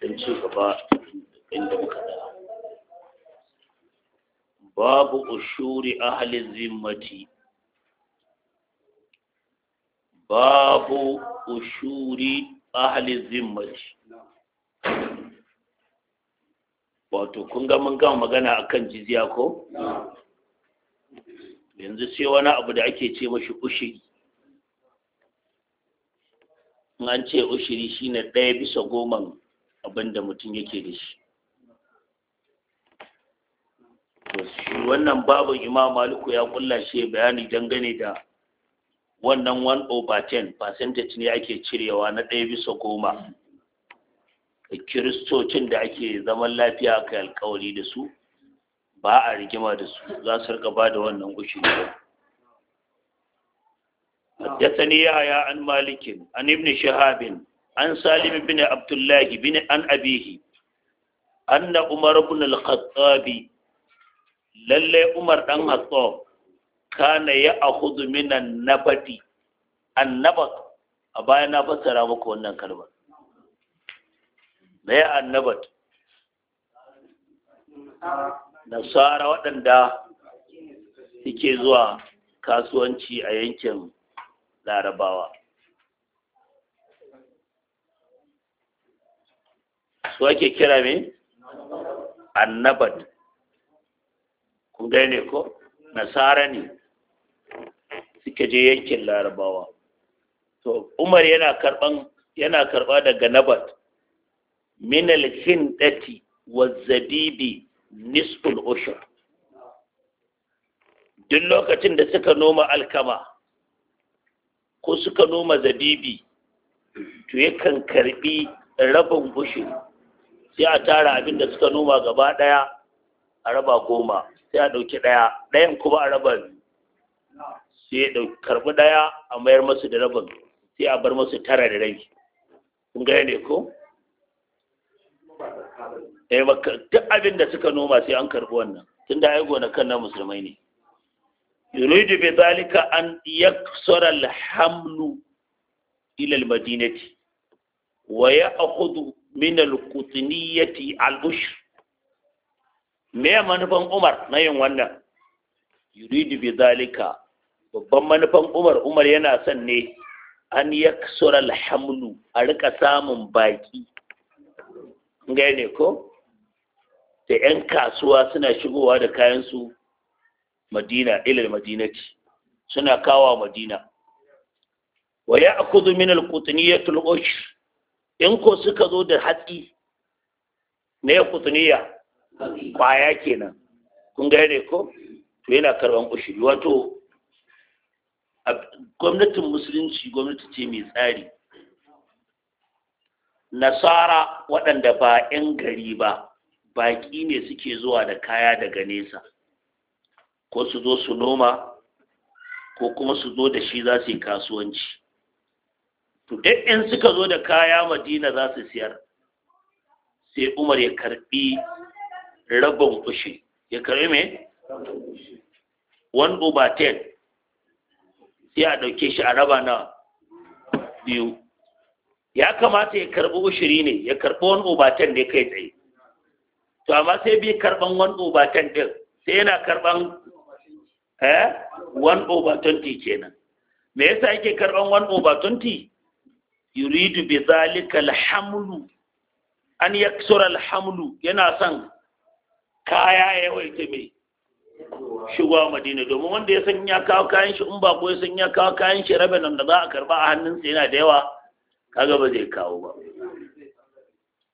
don ci gaba inda muka da babu ushuri ahalin zimmati babu ushuri ahalin zimmati wato kun ga mun gama magana akan jizya ko yanzu sai wani abu da ake ce mashi ushiri an ce ushiri shine ɗaya bisa goman abin da mutum yake da shi wannan babu imam maliku ya kulla shi bayani dangane da wannan 1 over 10 percentage ne ake cirewa na ɗaya bisa goma kiristocin da ake zaman lafiya aka yi alkawari da su ba a rigima da su za su rika ba da wannan gushi حدثني يحيى عن مالك عن ابن شهاب an salim bin abdullahi bin an abihi anna umar ibn al-khattab umar dan hattab kana ya a min an-nabati an-nabat a baya na fassara muku wannan kalma me an-nabat nasara waɗanda suke zuwa kasuwanci a yankin larabawa su ake kira me annabat ku gane ko nasara ne suka je yankin larabawa to umar yana karban yana karba daga nabat min al wa zabibi nisful ushur duk lokacin da suka noma alkama ko suka noma zabibi to yakan karbi rabin ushur sai a tara abin da suka noma gaba ɗaya a raba goma sai a ɗauki ɗaya ɗayan kuma a raba sai ya karɓi ɗaya a mayar masu da rabin sai a bar masu tara da rai kun gaya ne ko eh duk abin da suka noma sai an karɓi wannan tun da gona kan na musulmai ne yuridu bi zalika an yaksara al-hamlu ila al-madinati wa ya'khudhu min al ya al-ushr me manufan Umar na yin wannan yuridu bi zalika babban manufan Umar Umar yana son ne an yaksura al-hamlu a rika samun baki gane ko da 'yan kasuwa suna shigowa da kayansu madina ila madinati suna kawo madina wa ya akudu min al-qutniyatul ushr in ko suka zo da hatsi na ya kutuniya kwaya kenan kun gane ko to yana karban ushiri wato gwamnatin musulunci gwamnati ce mai tsari nasara waɗanda ba 'yan gari ba baƙi ne suke zuwa da kaya daga nesa ko su zo su noma ko kuma su zo da shi za su yi kasuwanci to duk in suka zo da kaya madina za su siyar sai umar ya karbi rabin ushi ya karbi me? one over ten sai a ɗauke shi a raba na biyu ya kamata ya karbi ushiri ne ya karbi one over ten ne kai tsaye to amma sai bi karban one over ten din sai yana karban eh one over twenty kenan me yasa yake karban one over twenty yuridu bi zalika alhamlu an yaksura alhamlu yana son kaya ya yawaita mai shigowa madina domin wanda ya san ya kawo kayan shi in ba ko ya san ya kawo kayan shi rabe nan da za a karba a hannunsa yana da yawa kaga ba zai kawo ba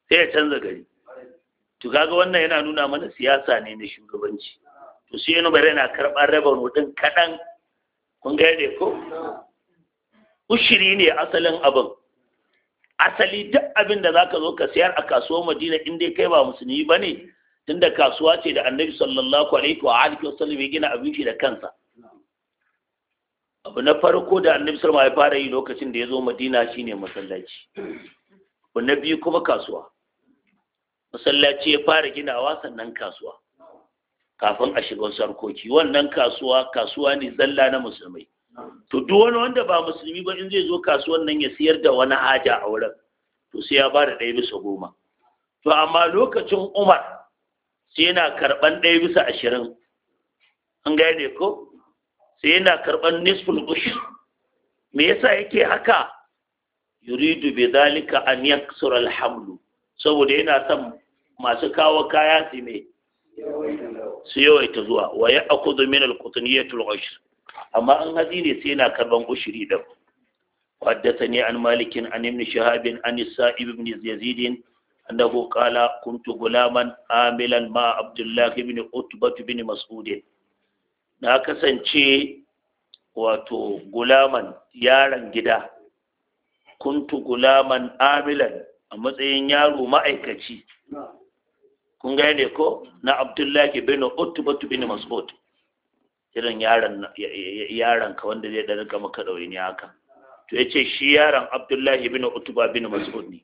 sai ya canza gari to kaga wannan yana nuna mana siyasa ne na shugabanci to sai yana bari yana karɓar kaɗan kun ga ko ushiri ne asalin abin asali duk abin da zaka zo ka sayar a kasuwar madina in dai kai ba musulmi ba ne tunda kasuwa ce da annabi sallallahu alaihi wa alihi wasallam ya gina abin shi da kansa abu na farko da annabi sallallahu ya fara yi lokacin da ya zo madina shine masallaci abu na biyu kuma kasuwa masallaci ya fara ginawa sannan kasuwa kafin a shiga sarkoki wannan kasuwa kasuwa ne zalla na musulmai to duk wani wanda ba musulmi ba in zai zo kasuwar nan ya siyar da wani haja a wurin to sai ya bada ɗaya bisa goma to amma lokacin umar sai yana karɓan ɗaya bisa ashirin an gane ko sai yana karɓan nisful ushur me yasa yake haka yuridu bi zalika an yaksura alhamlu saboda yana son masu kawo kaya su me su yawaita zuwa wa ya akudu min alqutniyatul ushur amma an hazi ne sai yana karban ushiri da وحدثني عن مالك عن ابن شهاب عن السائب بن يزيد أنه قال كنت غلاما Gulaman مع عبد الله بن عتبة بن مسعود na kasance wato gulaman yaron gida kuntu gulaman amilan a matsayin yaro ma'aikaci kun gane ko na abdullahi bin Utubatu, bin mas'ud irin yaron ka wanda zai da rika maka ne haka to yace shi yaron abdullahi bin utba bin mas'ud ne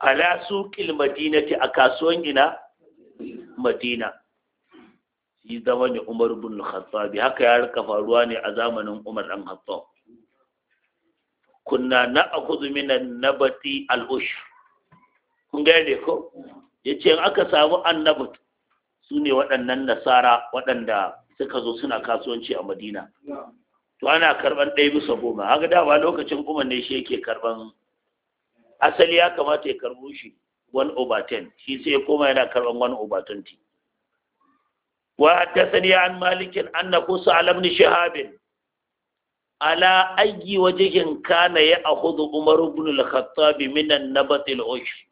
ala suqil madinati a kasuwan ina madina shi zama umar bin khattab haka ya rika faruwa ne a zamanin umar dan khattab kunna na'khudhu min an-nabati al ush kun gane ko yace in aka samu annabatu sune waɗannan nasara waɗanda suka zo suna kasuwanci a madina to ana karban ɗaya bisa goma haka dama lokacin kuma ne shi yake karban asali ya kamata ya karbo shi 1 over 10 shi sai ya koma yana karban 1 over 20 wa haddathani an malikin anna kusa alam ni shahabin ala ayyi wajhin kana ya akhudhu umar ibn al-khattab min an-nabat al-ush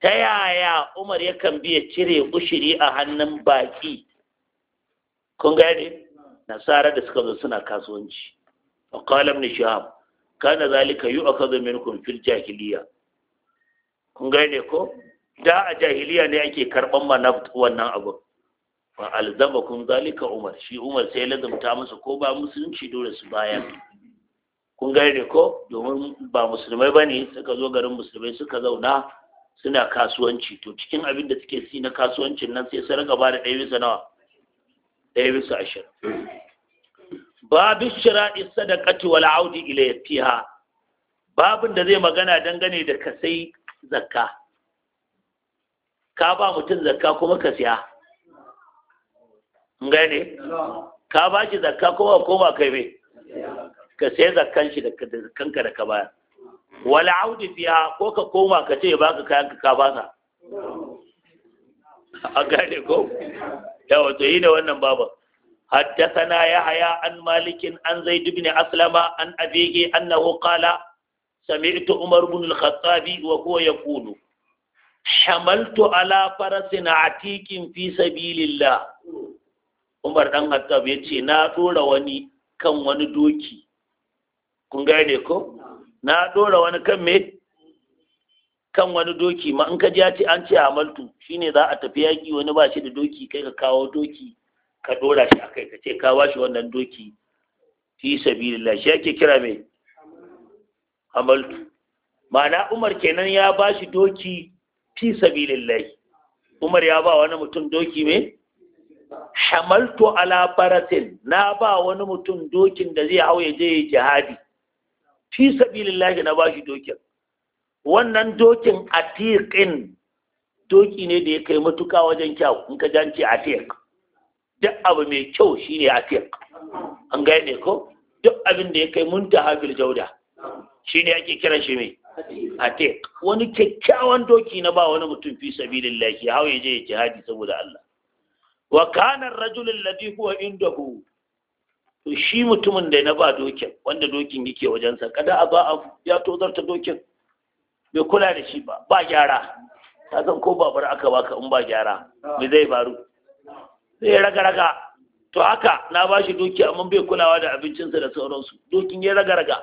ta yaya umar yakan biya cire ushiri a hannun baƙi? kun gane nasara da suka zo suna kasuwanci a kalam ni shahab kana zalika yi aka zo kun fil jahiliya kun gane ko da a jahiliya ne ake karɓar mana wannan abu fa alzama kun zalika umar shi umar sai lazumta musu ko ba musulunci dole su bayan kun gane ko domin ba musulmai ba ne suka zo garin musulmai suka zauna suna kasuwanci to cikin abin da suke si na kasuwancin nan sai su ba da ɗaya bisa nawa ɗaya bisa ashirin babu da ƙati wal audi ila fiha babin da zai magana dangane da ka sai zakka ka ba mutum zakka kuma ka siya gane ka ba shi zakka kuma koma kai bai ka sai zakkan shi da kanka da ka bayar Wala audi fiya ko ka koma ka ce baka kayan ka ba sa a gane ko ya wato yi da wannan baban na ya haya an malikin an zai dubne aslama an abege annahu same sami'tu umar ibn al-khattabi wa huwa yaqulu hamaltu ala a atiqin fi sabilillah umar dan khattab yace na dora wani kan wani doki kun gane ko na dora wani kan mai. kan wani doki ma in ka ji ce an ce hamaltu shine za a tafi yaƙi wani ba shi da doki kai ka kawo doki ka dora shi a kai ka ce ka bashi wannan doki fi sabilillah shi yake kira mai hamaltu ma'ana Umar kenan ya ba shi doki fi sabilillah Umar ya ba wani mutum doki mai hamaltu ala faratin na ba wani mutum dokin da zai hau ya je jihadi fi sabilillah na ba shi dokin wannan dokin atiqin doki ne da ya kai matuka wajen kyau in ka jance atiq duk abu mai kyau shine atiq an gane ko duk abin da ya kai muntaha fil jauda shine ake kiran shi mai atiq wani kyakkyawan doki na ba wani mutum fi sabilillahi hawa ya je jihadi saboda Allah wa kana ar-rajul alladhi huwa indahu to shi mutumin da na ba dokin wanda dokin yake wajensa kada a ba ya tozarta dokin bai kula da shi ba ba gyara Ta san ko babar aka baka in ba gyara me zai faru zai raga raga to haka na ba shi doki amma bai kulawa da abincinsa da sauransu dokin ya raga raga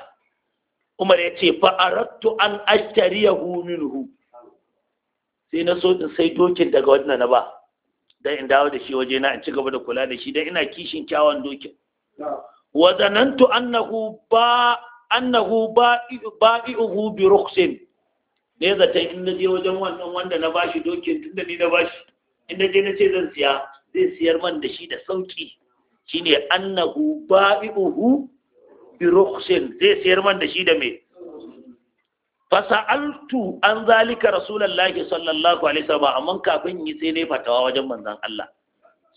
umar ya ce fa an an ashtariyahu minhu sai na so in sai dokin daga wannan na ba dan in dawo da shi waje na in ci gaba da kula da shi dan ina kishin kyawun dokin wa zanantu annahu ba annahu ba'i'uhu bi ruksin ne zaton in na je wajen wannan wanda na bashi dokin tun da ni na bashi in na je na ce zan siya zai siyar man da shi da sauki shine annahu ba'i'uhu bi rukhsin zai siyar man da shi da me fasa'altu an zalika rasulullahi sallallahu alaihi wasallam amma kafin yi sai dai fatawa wajen manzon Allah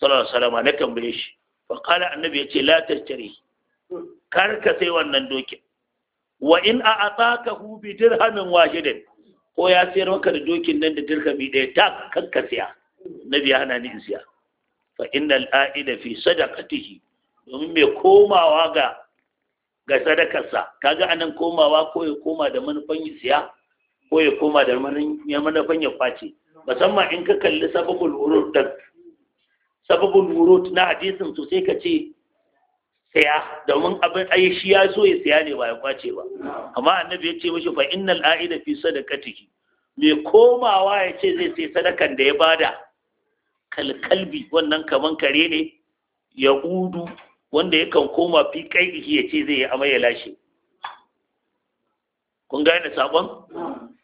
sallallahu alaihi wasallam na tambaye shi fa qala annabi yace la tashtari kar ka sai wannan dokin wa in a'atakahu bi dirhamin wahidin ko ya sayar maka da dokin nan da dirhami ɗaya ta kanka siya nabi ya hana ni in siya fa innal a'ida fi sadaqatihi domin mai komawa ga ga sadakarsa kaga anan komawa ko ya koma da manufan ya siya ko ya koma da manufan ya kwace musamman in ka kalli sababul wurud sababul wurud na hadisin to sai ka ce saya domin abin ai shi ya so ya saya ne ba ya kwace ba amma annabi ya ce mishi fa innal aida fi sadaqatihi Me komawa ya ce zai sai sadakan da ya bada kalkalbi wannan kaman kare ne ya udu wanda yakan koma fi kai ya ce zai yi amai ya lashe kun gane sabon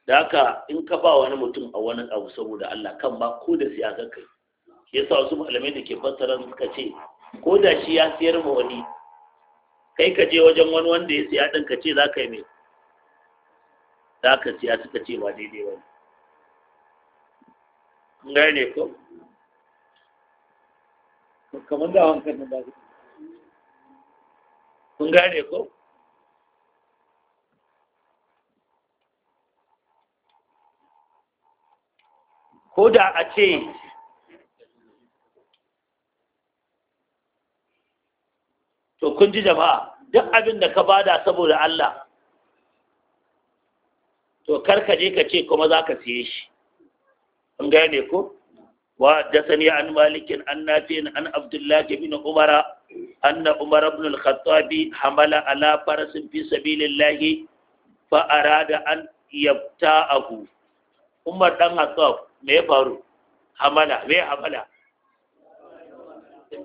da haka in ka ba wani mutum a wani abu saboda Allah kan ba ko da siyasar kai yasa wasu malamai da ke fassara suka ce ko da shi ya siyar ma wani kai ka je wajen wani wanda ya siya ɗin ka ce za ka yi mai za ka siya suka ce ba daidai ba ne gane ko kamar da hankalin ba su kun gane ko ko da a ce to kun ji jama'a duk abin da ka bada saboda Allah to karka je ka ce kuma za ka siye shi an gane ko wa dasani an malikin an nafi'in an abdullahi bin umara anna umar ibn al-khattabi hamala ala farasin fi sabilillahi fa arada an yabta'ahu umar dan khattab me faru hamala me hamala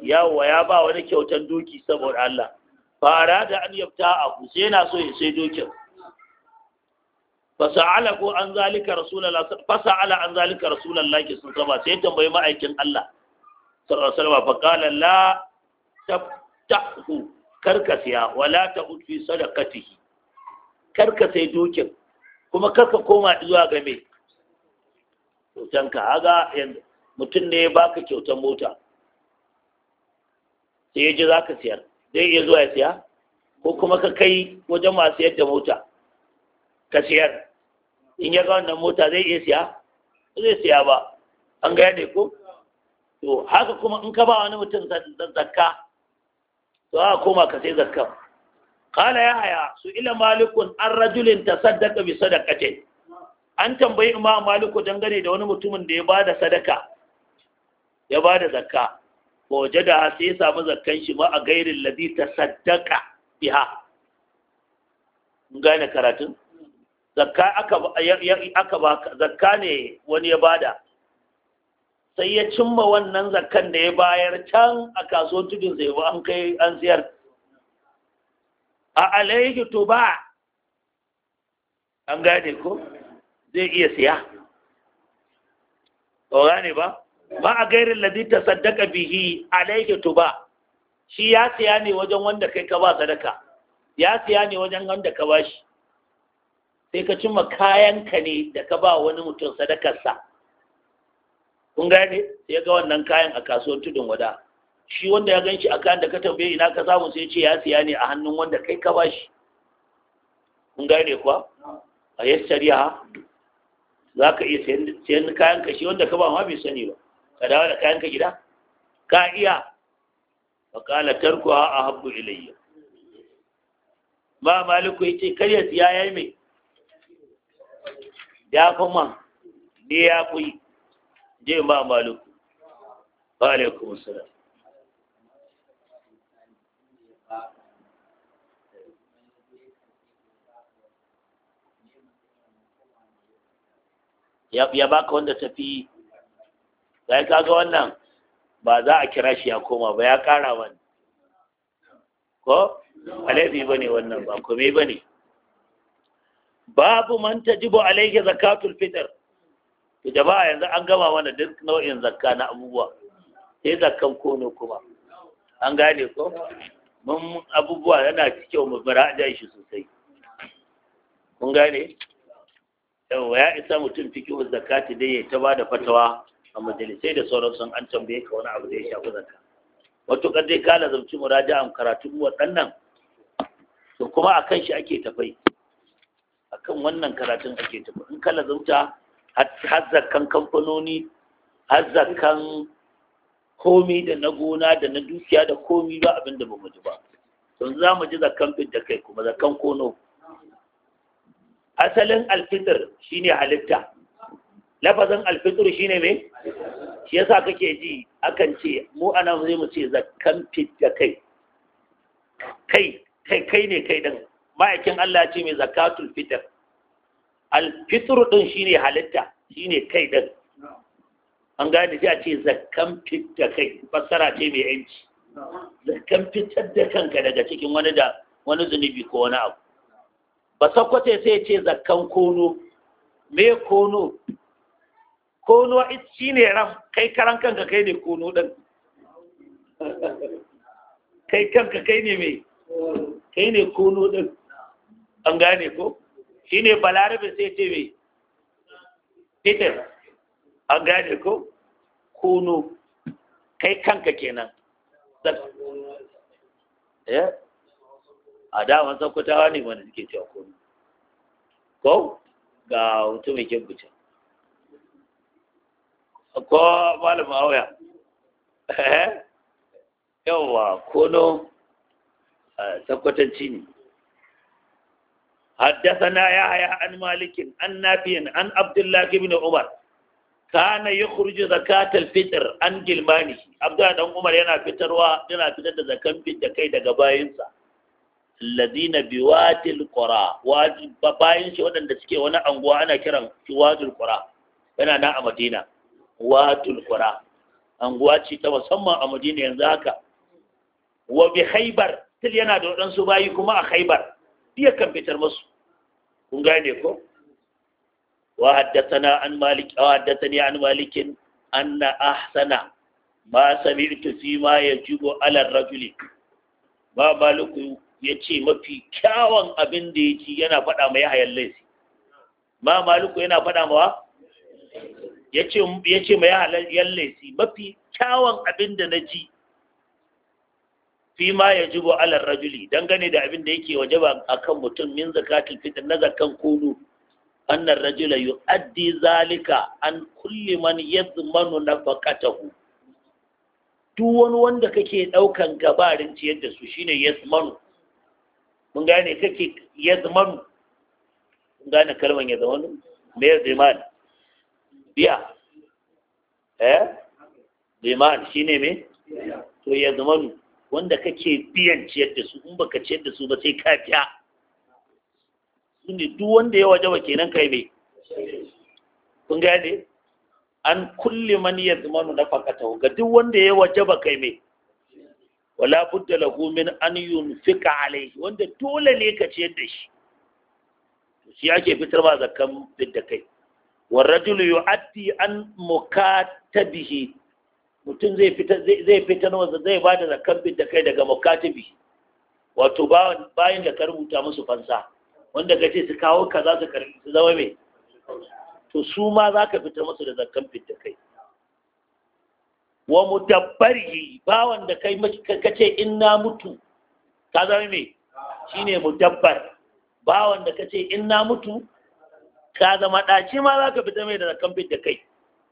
yawa ya ba wani kyautan doki saboda Allah fara da an yabta abu sai yana so ya sai dokin fasa'ala ko an zalika rasulullah fasa'ala an zalika rasulullah ke sun saba sai tambayi ma'aikin Allah sallallahu alaihi wasallam fa qala la tabtahu karkasiya wala ta'ud fi sadaqatihi karkasai dokin kuma karka koma zuwa game. me kyautanka haga yanzu mutum ne ya baka kyautan mota sai ya ji za ka siyar zai iya zuwa ya siya ko kuma ka kai wajen masu yadda mota ka siyar in ya ga wannan mota zai iya siya Ba zai siya ba an gaya ne ko to haka kuma in ka ba wani mutum zakka to haka koma ka sai zakka qala ya haya su ila malikun an rajulin sadaka bi sadaqatin an tambayi imam maliku dangane da wani mutumin da ya bada sadaka ya bada zakka waje da sai ya samu zakkan shi ma a gairin ladi ta saddaka biha mun gane karatun zakka aka baka zakka ne wani ya bada sai ya cimma wannan zakkan da ya bayar can a kasuwar tudun zai ba an kai an siyar a alayhi tuba an gane ko zai iya siya ba gane ba Ba a gairin ta Saddaka bihi alayhi tuba shi ya siya ne wajen wanda kai ka ba sadaka ya siya ne wajen wanda ka ba shi sai ka cimma ka ne da ka ba wani mutum sadakarsa kun gane sai ga wannan kayan a kasuwar tudun wada shi wanda ya ganshi a kayan da ka tambaye ina ka samu sai ce ya siya ne a hannun wanda kai ka ba shi? kun gane kuwa a yassariya za ka iya sayan kayan ka shi wanda ka ba ma bai sani ba ka dawo da kayanka gida ka iya kala tarko a ahabbu ilayya ba maliku yace kar ya siya yayi mai ya kuma ne ya kuyi je ba maliku wa alaikum assalam ya baka wanda tafi sai kaga wannan ba za a kira shi ya koma ba ya kara wani ko alaifi ba ne wannan ba kome ba ne babu manta jibo alaihi zakatul fitar da jama'a yanzu an gama mana duk nau'in zakka na abubuwa sai zakkan kono kuma an gane ko mun abubuwa yana cikin mu bara da shi sosai kun gane Yau ya isa mutum fikihu zakati dai ya ta bada fatawa a majalisai da sauransu an tambaye ka wani abu da ya shafi wato kan dai ka lazamci muraja'an karatu waɗannan to kuma a kan shi ake tafai a kan wannan karatun ake tafai in ka lazamta hazzakan kamfanoni hazzakan komi da na gona da na dukiya da komi ba abin da ba mu ji ba don za mu ji zakan fit da kai kuma zakan kono asalin alfitar shine halitta lafazin alfitru ne me shi yasa kake ji akan ce mu ana zai mu ce zakkan fidda kai kai kai kai ne kai din ma'aikin Allah ce mai zakatul fitr alfitru din ne halitta shi ne kai din an gane sai a ce zakkan fidda kai fassara ce mai yanci zakkan fitar da kanka daga cikin wani da wani zunubi ko wani abu ba sakwate sai ce zakkan kono me kono kono shi ne ram kai karan kanka kai ne kono ɗin kai kanka kai ne mai kai ne kono ɗin an gane ko shi ne balarabe sai ce mai Peter. an gane ko kono kai kanka kenan eh? a daman sakwatawa ne wanda suke cewa kono ko ga mutum mai kyan ko malam auya eh? yawwa kuno eh, sakwatanci ne haddasana ya haya an malikin an nafiyin an abdullahi ibn umar kana yukhruju zakatal fitr an gilmani abdullahi dan umar yana fitarwa fitar da zakan fitta kai daga bayinsa alladhina shi wadanda suke wani anguwa ana kiran wajil yana nan a madina watul Kura, anguwa ce ta musamman a madina yanzu haka wa bi khaybar til yana da waɗansu bayi kuma a haibar? biya kan fitar musu kun gane ko wa haddathana an malik wa haddathani an malikin anna ahsana ma sami'tu fi ma yajibu ala rajuli ba maliku yace mafi kyawun abin da yake yana faɗa mai hayan laifi ma maliku yana faɗa mawa ya ce mai halayyar laisi mafi kyawun abin da na ji fi ma ya ji alar rajuli dangane da abin da yake waje ba a kan mutum min zakatun fitar na zakan kunu annar rajula addi zalika an kulli man na nafaqatahu duk wani wanda kake daukan gabarin ciyar da su shine yazmanu mun gane kake yazmanu mun gane kalmar yazmanu me yazmanu biya eh liman ne me to ya zamanu wanda kake biyan ciyar da su in baka ciyar da su ba sai ka biya ne duk wanda ya wajaba kenan kai me kun gane an kulli man ya zamanu na ta ga duk wanda ya wajaba kai me wala budda lahu min an yunfika alayhi wanda dole ne ka ciyar da shi shi ake fitar ba zakkan bidda kai warrajulu yu'addi an mukatabihi mutum zai fita zai fita na wasa zai bada zakar da kai daga mukatabi wato bayan da ka rubuta musu fansa wanda ka ce su kawo ka za su karbi su zama mai to su ma za ka fita musu da zakar da kai wa mudabbarihi bawan da kai ka ce in na mutu ka zama mai shine dabbar. bawan da ka ce in na mutu ka zama ɗaci ma zaka fita mai da kamfin da kai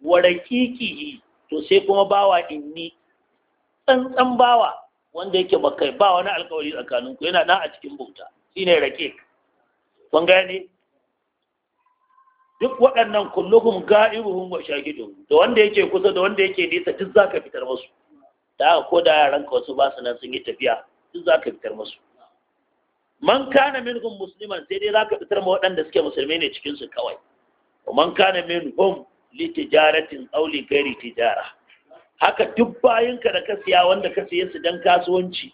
warakiki to sai kuma bawa inni tsantsan bawa wanda yake bakai ba wani alkawari tsakaninku yana nan a cikin bauta shine rake kun gane duk waɗannan kulluhum ga'ibuhum wa shahidun da wanda yake kusa da wanda yake nesa duk zaka fitar masu? da ko da yaranka wasu ba su nan sun yi tafiya duk zaka fitar masu. man kana minhum musliman sai dai zaka fitar ma waɗanda suke musulmai ne cikin su kawai man kana minhum li tijaratin aw li ghairi tijara haka duk bayinka da ka siya wanda ka siye su dan kasuwanci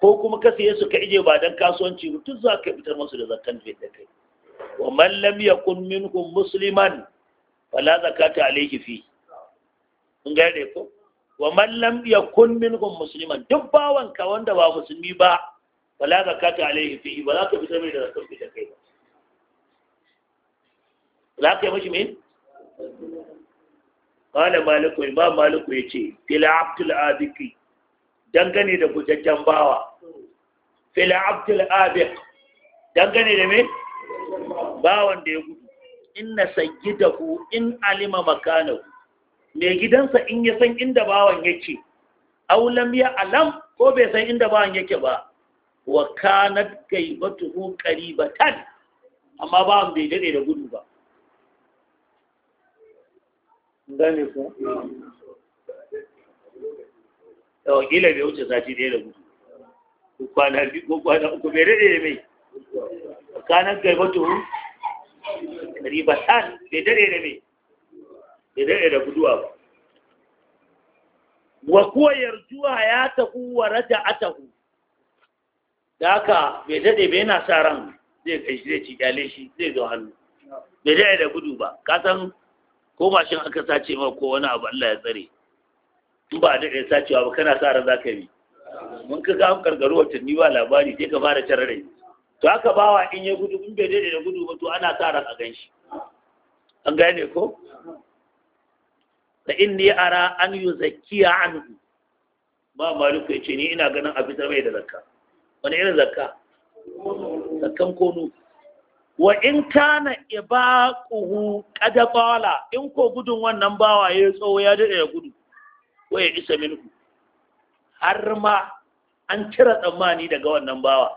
ko kuma ka siye su ka ije ba dan kasuwanci ba duk zaka fitar musu da zakkan da kai wa man lam yakun minhum musliman fala zakata alayhi fi kun gane ko wa man lam yakun minhum musliman duk bawanka wanda ba musulmi ba wala zakata alaihi fi ba za ka fitar mai da zakar fi da kai ba za ka yi mashi me qala maliku imam maliku yace fil abdul abiki dangane da gujajen bawa fil abdul abik dangane da me bawan da ya gudu inna sayyidahu in alima makanahu mai gidansa in ya san inda bawan yake aw lam ya alam ko bai san inda bawan yake ba wa kanat gaibatuhu qaribatan amma ba an bai dade da gudu ba gane ko to kila bai wuce sati da da gudu ko kwana bi ko kwana uku bai dade da mai kanat gaibatuhu qaribatan bai dade da mai bai dade da gudu ba wa kuwa yarjuwa ya tafi wa raja'atahu da aka bai daɗe ba yana sa ran zai kai shi zai ci kyale shi zai zo hannu bai daɗe da gudu ba ka san ko mashin aka sace ma ko wani abu Allah ya tsare in ba a daɗe sacewa ba kana sa ran za ka yi mun ka ga karkaru watanni ba labari sai ka fara tarar da to ba bawa in ya gudu in bai daɗe da gudu ba to ana sa ran a gan shi an gane ko fa inni ara an yuzakkiya anhu ba maliku ya ce ni ina ganin a fitar mai da zakka wani irin zakka zakkan kono wa in kana ibaquhu qad qala in ko gudun wannan bawa ya tsawo ya dade ya gudu ko ya isa minku har ma an cire tsammani daga wannan bawa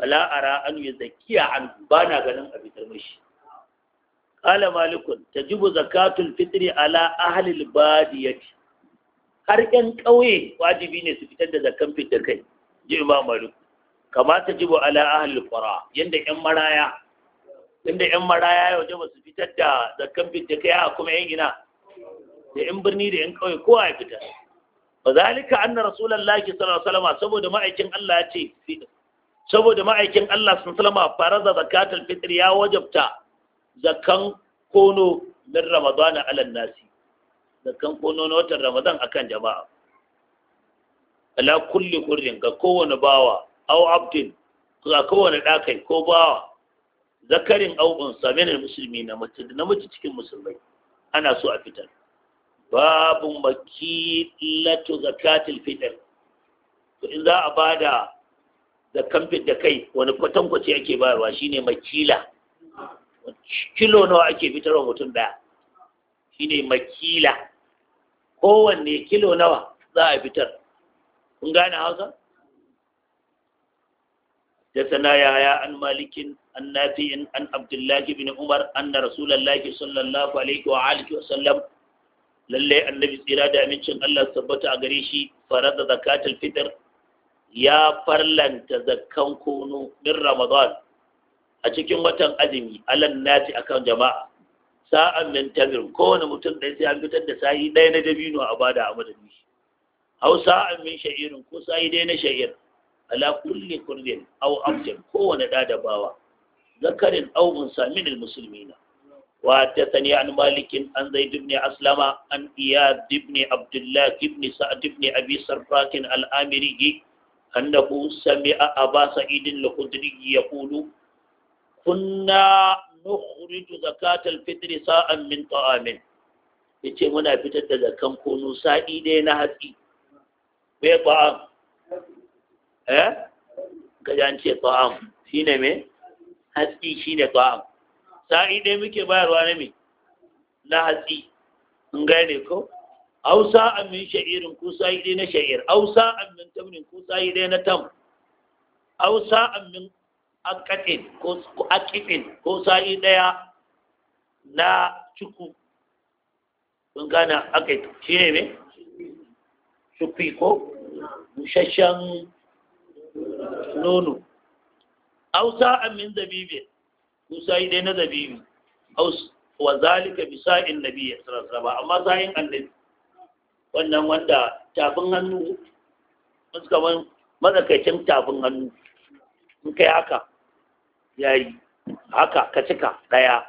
wala ara an yuzakkiya an bana ganin abin tarmishi qala malikun tajibu zakatul fitri ala ahli al-badiyati har ƙauye wajibi ne su fitar da zakan fitr kai ji ba malik kama ta jibo ala ahlul fara yanda yan maraya inda yan maraya yau ba su fitar da zakan fitta kai a kuma yan ina da yan birni da yan kawai kowa ya fitar Ba za zalika anna rasulullahi sallallahu alaihi wasallam saboda ma'aikin Allah ya ce saboda ma'aikin Allah sun salama faraza zakatul fitr ya wajabta zakan kono min ramadana ala nasi zakan kono na watan ramadan akan jama'a ala kulli kurdin ga kowane bawa aw abdin ga kowane dakai ko bawa zakarin aw unsa min musulmi na mace da namiji cikin musulmai ana so a fitar babu makilatu zakatil fitr to in za a bada da kamfit da kai wani kwatankwaci ake bayarwa shine makila kilo nawa ake fitarwa mutum daya shine makila kowanne kilo nawa za a fitar kun gane hausa حدثنا يحيى an مالك bin Umar, an عبد الله بن عمر أن رسول الله صلى الله عليه وآله sallam, lallai annabi tsira da amincin Allah tabbata a gare shi farada zakatul fitr ya farlanta zakkan kono min ramadan a cikin watan azumi alan nasi akan jama'a sa'an min tamir kowane mutum ɗaya sai an fitar da sahi ɗaya na dabino a bada a madadin shi aw sa'an min sha'irin ko sai dai na sha'ir ala kulli kurdin aw abdin kowane da da bawa zakarin aw unsa min almuslimina wa tathani an malikin an zaid ibn aslama an iyad ibn abdullah ibn sa'd ibn abi sarfakin al-amiri أنه سمع أبا سعيد الخدري يقول كنا نخرج زكاة الفطر ساء من طعام yace muna fitar da zakan kono sa'i na hatsi me ta'am eh gajan ce ta'am shine me hatsi shine ta'am sa'i dai muke bayarwa ne me na hatsi in gane ko hausa amin sha'irin ko sa'i dai na sha'ir hausa amin tamrin ko sa'i dai na tam hausa amin akatin ko akifin ko sa'i daya na cuku kun gane shi shine me shukwi ko busasshen nono Hausa amin zabibi musa yi dai na zabibi wa zalika bisa'in nabi sallallahu alaihi amma sayin annabi wannan wanda tafin hannu muskaman matsakaicin tafin hannu in kai haka yayi haka ka cika daya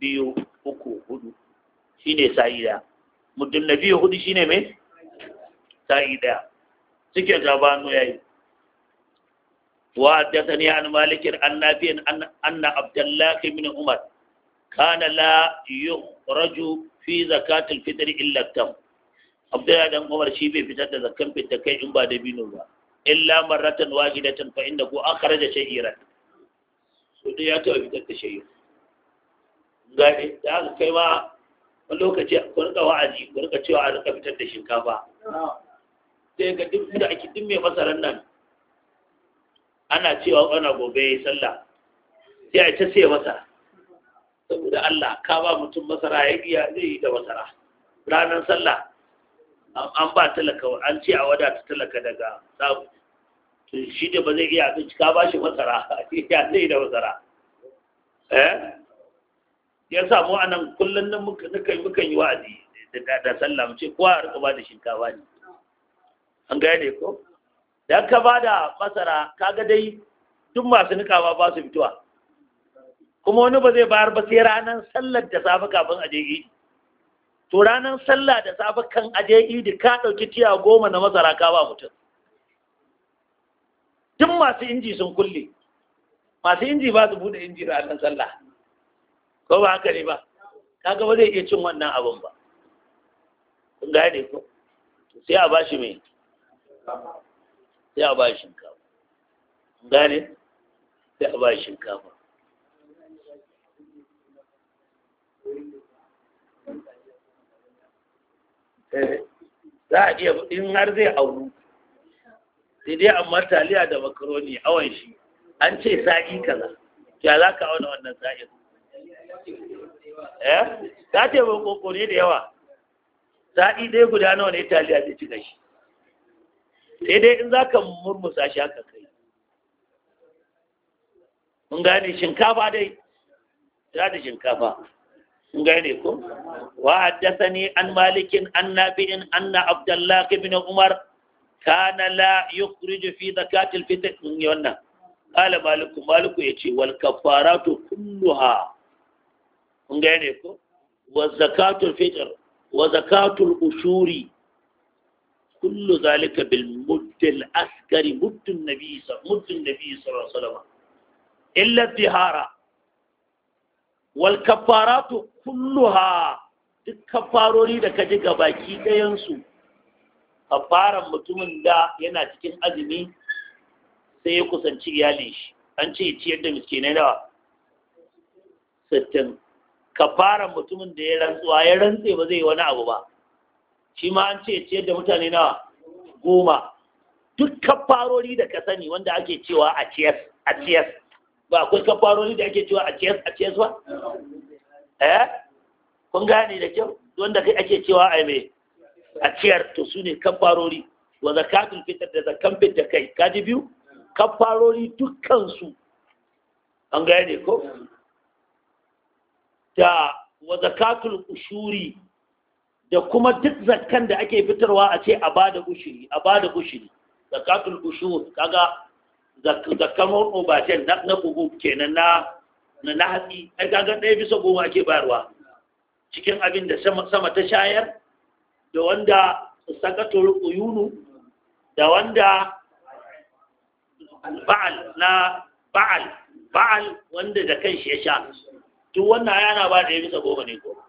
biyu uku hudu shine ne daya mutum na biyu hudu shine mai sa’i ɗaya cikin rabanu ya yi wa haddata ni an malikin an nafiyan an na abdallafi min umar kana la yi raju fi zakatul fitri illattam abdullahi dan umar shi bai fitar da zakkan kai in ba da binu ba illa marratan wahidatan fa inda ko an karaja shahiran so dai ya taba fitar da shahiran ga dai da aka kai ma lokaci ku rika wa'azi ku rika cewa a rika fitar da shinkafa sai ga duk da ake duk mai masarar nan ana cewa ana gobe ya yi sallah sai a ta sai masara saboda Allah ka ba mutum masara ya iya zai yi da masara ranar sallah an ba talaka an ce a wada ta talaka daga samu shi da ba zai iya abinci ka ba shi masara ya zai yi da masara eh ya samu anan kullum nan muka yi wa'azi da sallah mu ce kowa a rika ba da shinkafa ne an gane ko da ka ba da masara kaga dai duk masu nikawa ba su fitowa kuma wani ba zai bayar ba sai ranar sallar da safe kafin aje idi to ranar sallah da safe kan aje idi ka ɗauki tiya goma na masara ka ba mutum duk masu inji sun kulle masu inji ba su buɗe inji ranar sallah ko ba haka ne ba kaga ba zai iya cin wannan abin ba kun gane ko sai a bashi mai sai a ba shinkafa gane sai a ba shinkafa eh, za a iya in har zai auru sai dai amma taliya da makaroni awon shi an ce sa'i kaza ya za ka auna wannan sa'in eh ta ce ba kokone da yawa sa'i dai guda nawa ne taliya zai ci gashi sai dai in za ka murmusa shi haka kai mun gane shinkafa dai za da shinkafa mun gane ko wa ni an malikin an nabi'in anna abdullah bin umar kana la yukhriju fi zakatil fitr mun yi wannan qala maliku maliku yace wal kafaratu kulluha mun gane ko wa zakatul fitr wa zakatul ushuri kullu zalika bil muddil askari muddin nabi muddin nabi sallallahu alaihi wasallam illa dihara wal kafaratu kulluha duk kafarori da ka ji ga baki ɗayan su kafaran mutumin da yana cikin azumi sai ya kusanci iyalin shi an ce ciyar da miskinai nawa sittin kafaran mutumin da ya rantsuwa ya rantse ba zai wani abu ba shi ma an ce ciyar da mutane nawa goma duk kafarori da ka sani wanda ake cewa a ciyas a ciyas ba akwai kafarori da ake cewa a ciyas a ciyas ba eh kun gane da kyau wanda kai ake cewa a me a ciyar to su ne kafarori wa zakatul fitr da zakan fitr kai ji biyu kafarori dukkan su an gane ko ta wa zakatul ushuri da kuma duk zakkan da ake fitarwa a ce a bada ushiri a bada ushiri zakatul ushur kaga zakkan hurmu ba ce na na kugu kenan na na na ai kaga ɗaya bisa goma ake bayarwa cikin abin da sama ta shayar da wanda sakatul uyunu da wanda ba'al na ba'al ba'al wanda da kanshi ya sha duk wannan yana ba da ya bisa goma ne ko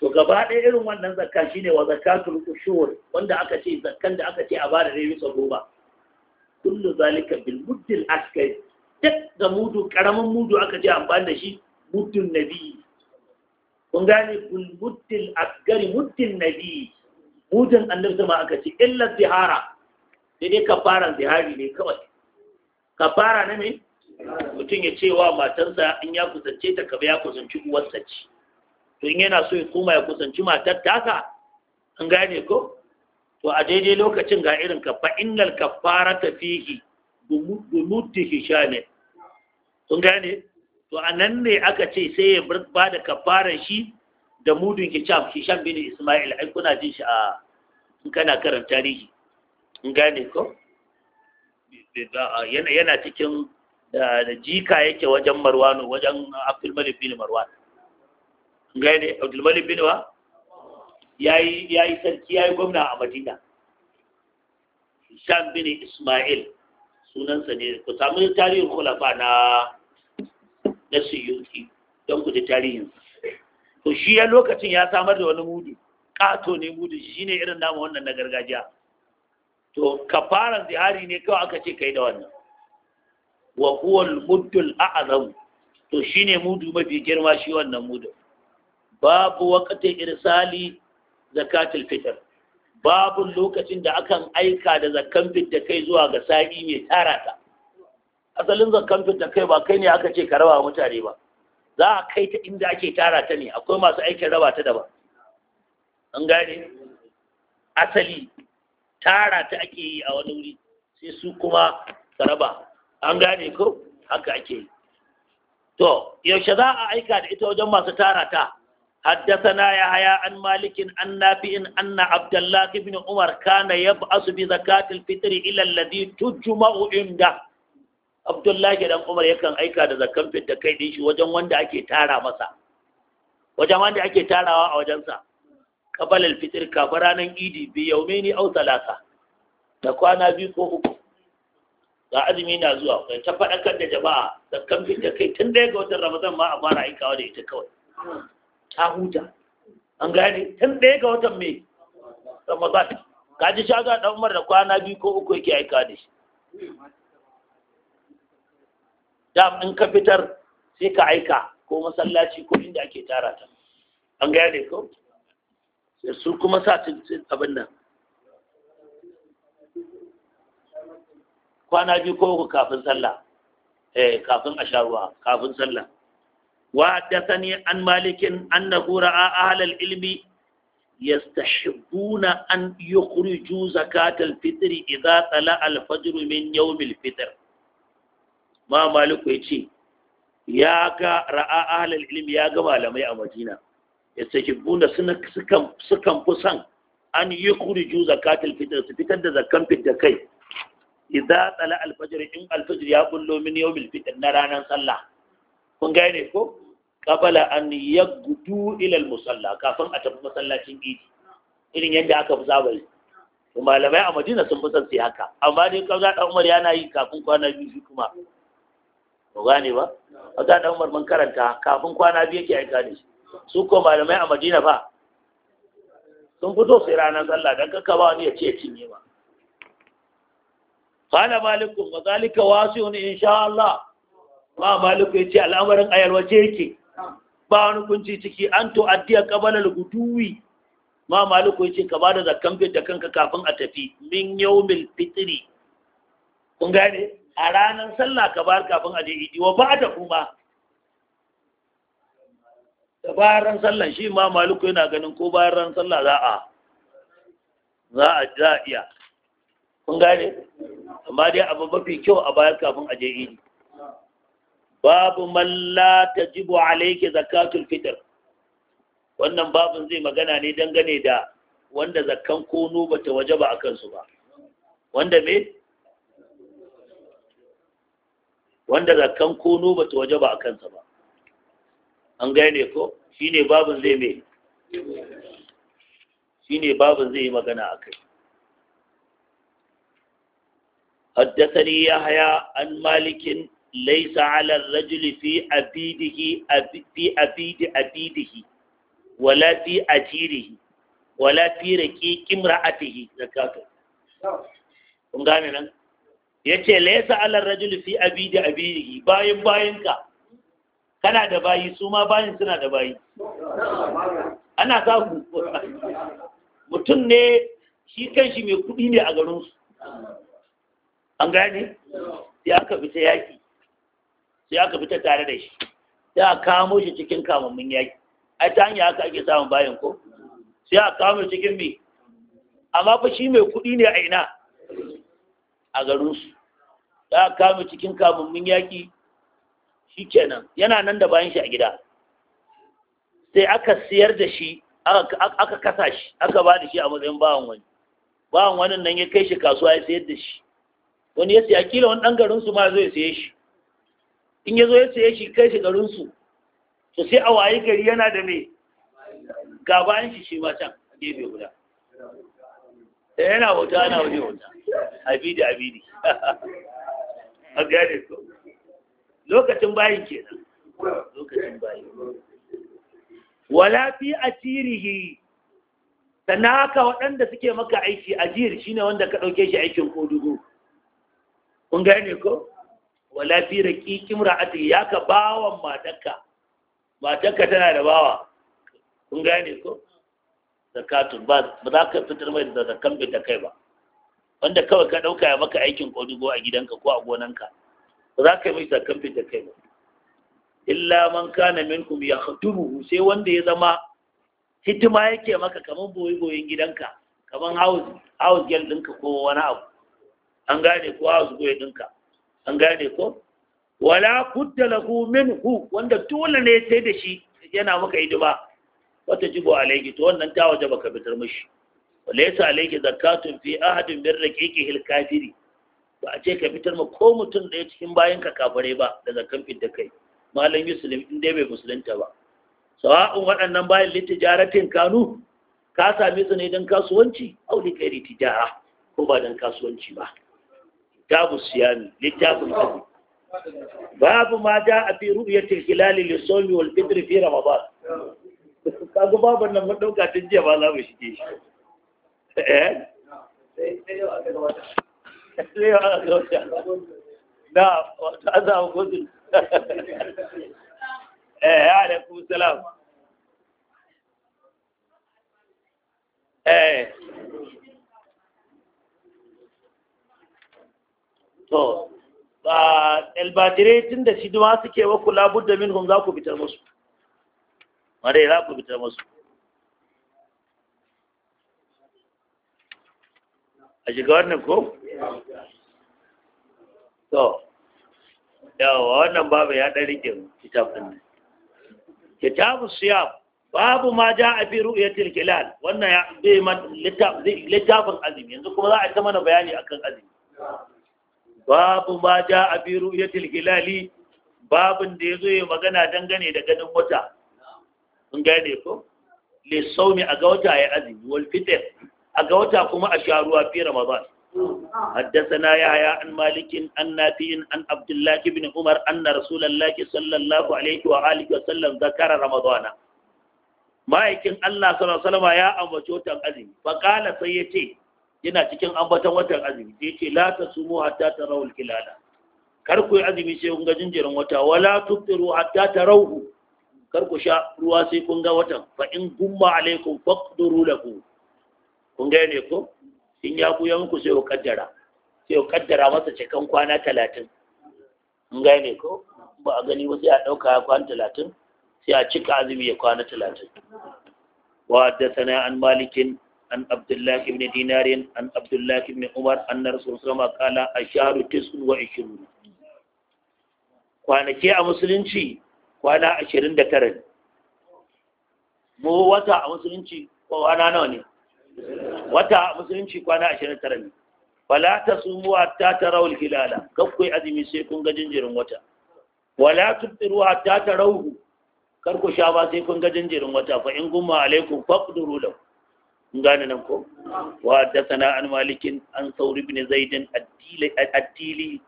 to gaba ɗaya irin wannan zakka shine wa zakatul ushur wanda aka ce zakkan da aka ce a bada rai bisa goma kullu zalika bil muddil askari duk da mudu karamin mudu aka ce amfani da shi muddin nabi kun gane bil muddil askari muddin nabi mudin annabta sama aka ce illa zihara sai dai kafaran zihari ne kawai kafara na me mutum ya ce wa matarsa in ya kusance ta kaba ya kusanci uwarsa ce to in yana so ya koma ya kusanci matar taka an gane ko to a daidai lokacin ga irin ka fa innal kaffarata fihi dumutihi hishane kun gane to anan ne aka ce sai ya ba da kafaran shi da mudun hisham hisham bin isma'il ai kuna jin shi a in kana karanta tarihi An gane ko yana cikin da jika yake wajen marwano wajen abdul malik bin marwan gane abdulmalik bin wa ya yi sarki ya yi gwamna a madina Shan bin ismail sunansa ne ku samu tarihin kulafa na na suyuti don ku tarihin to shi ya lokacin ya samar da wani mudu kato ne mudu shi ne irin namu wannan na gargajiya to ka kafaran zihari ne kawai aka ce kai da wannan wa huwa al-muddul a'zam to shine mudu mafi girma shi wannan mudu babu waqti irsali zakatul fitr babu lokacin da akan aika da zakkan fitta kai zuwa ga sa'i mai tara asalin zakkan fitta kai ba kai ne aka ce ka raba mutane ba za a kai ta inda ake tara ne akwai masu aikin raba daban an gane asali tara ake yi a wani wuri sai su kuma ka raba an gane ko haka ake yi to yaushe za a aika da ita wajen masu tara ta حدثنا يحيى عن مالك عن نافع أن عبد الله بن عمر كان يبعث بزكاة الفطر إلى الذي تجمع عنده عبد الله بن عمر يكن أيكا زكاة الفطر كي ديش وجن وند أكي تارا مسا وجن وند أكي تارا وجنسا قبل الفطر كفران إيدي بيومين أو ثلاثة تكوانا بيكو أكو ga azumi na zuwa kai ta faɗakar da jama'a da kamfin da kai tun da ga watan ramadan ma a fara aikawa da ita kawai ta huta an gane tun ɗaya ga watan mai ramadan ka ji shaga ɗan umar da kwana biyu ko uku yake aika da shi dam in ka fitar sai ka aika ko masallaci ko inda ake tara ta an gane ko sai su kuma sa abin nan kwana biyu ko uku kafin sallah eh kafin a sha ruwa kafin sallah وحدثني عن مالك أنه رأى أهل العلم يستحبون أن يخرجوا زكاة الفطر إذا طلع الفجر من يوم الفطر ما مالك يجي يا رأى أهل العلم يا جماعة ما مدينة يستحبون سنك سكم سكم بسان أن يخرجوا زكاة الفطر فتر زكاة الفطر كي إذا طلع الفجر إن الفجر يقول من يوم الفطر نرانا صلى kun gane ko qabala an yagdu ila al-musalla kafin a tafi masallacin idi irin yadda aka fi zabari yi malamai a madina sun fi son sai haka amma dai kaza dan umar yana yi kafin kwana biyu shi kuma ba gane ba kaza dan umar mun karanta kafin kwana biyu yake aika ne su ko malamai a madina fa sun fito sai ranar sallah dan kaka ba wani ya ce cinye ba qala malikun wa zalika wasi'un insha Allah ma ya yace al'amarin ayalwace yake ba wani kunci ciki an to addiya kabalar guduwi ma maliku ya ce ka bada zakkan fit da kanka kafin a tafi min yaumil fitri kun gane a ranar sallah ka bayar kafin a je idi wa ba da kuma da bayan sallah shi ma maliku yana ganin ko bayan ran sallah za a za a za a iya kun gane amma dai abu mafi kyau a bayar kafin a je idi babu malla ta jibo alaiki zakatul fitr wannan babin zai magana ne dangane da wanda zakkan kono ba ta waje ba a kansu ba wanda me wanda zakkan kono ba ta waje ba a kansa ba an gane ko shine babin zai me shine babin zai yi magana a kai حدثني يحيى an malikin. laisa ala rajuli fi abidihi fi abidi abidihi wala fi ajirihi wala fi raqiqi imra'atihi zakatu kun gane nan yace laisa ala rajuli fi abidi abidihi bayin bayinka kana da bayi su ma bayin suna da bayi ana sa ku mutum ne shi kanshi mai kuɗi ne a garinsu an gane ya aka fita yaki sai aka fita tare da shi sai a kamo shi cikin kamammin yaki ai ta hanya haka ake samun bayan ko sai a kamo cikin me amma fa shi mai kuɗi ne a ina a garin su sai a kamo cikin kamammin yaki shikenan yana nan da bayan shi a gida sai aka siyar da shi aka kasa shi aka ba da shi a matsayin bawan wani bawan wani nan ya kai shi kasuwa ya sayar da shi wani ya siya kila wani ɗan garin su ma zai siye shi in ya zo ya saye shi kai shi su to sai a waye gari yana da mai gabanin shi shi ma can a gefe guda da eh, yana wata ana waje wata abidi abidi a gane ko lokacin bayin kenan lokacin bayin wala fi atirihi sannan haka waɗanda suke maka aiki ajiyar shine wanda ka ɗauke shi aikin ko dubu kun gane ko wala fi raqiqi imra'ati ya ka bawan matakka. Matakka tana da bawa kun gane ko zakatun ba ba za ka fitar mai da zakan bi da kai ba wanda kawai ka dauka ya maka aikin kodugo a gidanka ko a gonanka ba za ka yi mai zakan bi da kai ba illa man kana minkum ya khatubu sai wanda ya zama hitima yake maka kaman boyi boyin gidanka kaman house house girl dinka ko wani abu an gane ko house boy dinka. an gane ko wala kudda lahu minhu wanda dole ne sai da shi yana maka hidima wata jibo alayki to wannan ta waje baka bitar mishi walaysa alayki zakatun fi ahadin min raqiqihil kafiri ba a ce ka fitar ma ko mutum ya cikin bayan ka kafare ba da zakan fitta kai malam muslim in dai bai musulunta ba sawa'un waɗannan bayan litijaratin kanu ka same su ne don kasuwanci au li litijara ko ba don kasuwanci ba kitabu siyami littafin azumi babu ma da a fi ru'yatil hilal lil sawmi wal fitr fi ramadan kaga baban nan mun dauka tun jiya ba za mu shige shi eh sai الباديريتين ده سيدواتي كي هو كل أبو دمين هم ذاكو بيترمس ماري ذاكو بيترمس أجيكار نكو تو يا وان بابي يا تاني كيو كتابنا كتاب السياب باب ما جاء في رؤية الكلال وانا يعني بمن لتاب لتاب القديم يعني كم ذا عتمنا بياني أكل القديم babu ma ja a biru yatil hilali babin da ya zo ya magana dangane da ganin wata sun gane ko lissaumi a ga wata ya azumi wal fitr a ga wata kuma a sha ruwa fi ramadan حدثنا يحيى عن مالك عن نافع عن عبد الله بن عمر أن رسول الله صلى الله عليه وآله وسلم ذكر رمضان ما يكن الله صلى الله عليه وسلم يا أم وجوتا فقال سيتي yana cikin ambaton watan azumi sai ce la tasumu hatta tarawu alkilala kar ku yi azumi sai kun ga jinjirin wata wala tuftiru hatta tarawu kar ku sha ruwa sai kun ga watan fa in gumma alaikum faqduru lahu kun ga ne ko in ya ku yanku sai ku kaddara sai ku kaddara masa cikan kwana 30 kun ga ne ko ba a gani ba sai a dauka kwana 30 sai a cika azumi ya kwana 30 wa haddathana an malikin An abdullahi ibn dinarin an abdullahi ibn Umar an na أن رسول الله صلى الله عليه وسلم قال الشهر kwanaki a musulunci kwana ashirin da tara ne mu wata a musulunci kwana nawa ne wata a musulunci kwana ashirin da tara ne wala ta sumu ta tarau hilala kakwai azumi sai kun ga jinjirin wata wala tuftiru ta tarauhu kar ku sha ba sai kun ga jinjirin wata fa in gumma alaikum faqduru lahu gane nan ko wa dasana an malikin an sauri ibn zaidin attili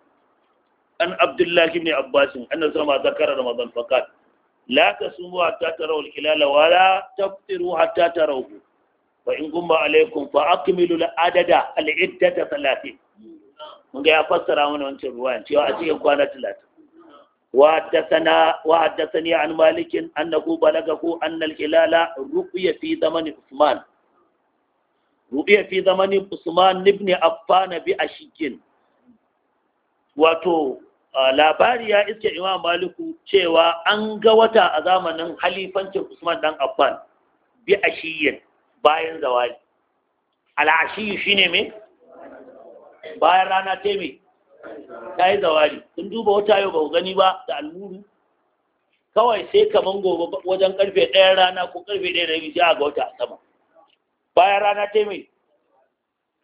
an abdullahi ibn abbas anna sama zakara ramadan faqat la tasumu hatta tarawu al-hilala wa la taftiru hatta tarawu fa in gumma alaikum fa akmilu al-adada al-iddata 30 mun ga ya fassara mana wancan ruwayan cewa a cikin kwana 30 وحدثنا وحدثني عن مالك أنه بلغه أن الهلال رقي في زمن عثمان rubiya fi zamanin usman ibn affan bi ashikin wato labari ya iske imam maliku cewa an ga wata a zamanin halifancin usman dan affan bi ashiyin bayan zawali al'ashiyi shine me bayan rana ta me ta yi zawali kun duba wata yau ba ku gani ba da almuru kawai sai kaman gobe wajen karfe ɗaya rana ko karfe ɗaya da rabi sai a ga wata a sama bayan rana ta mai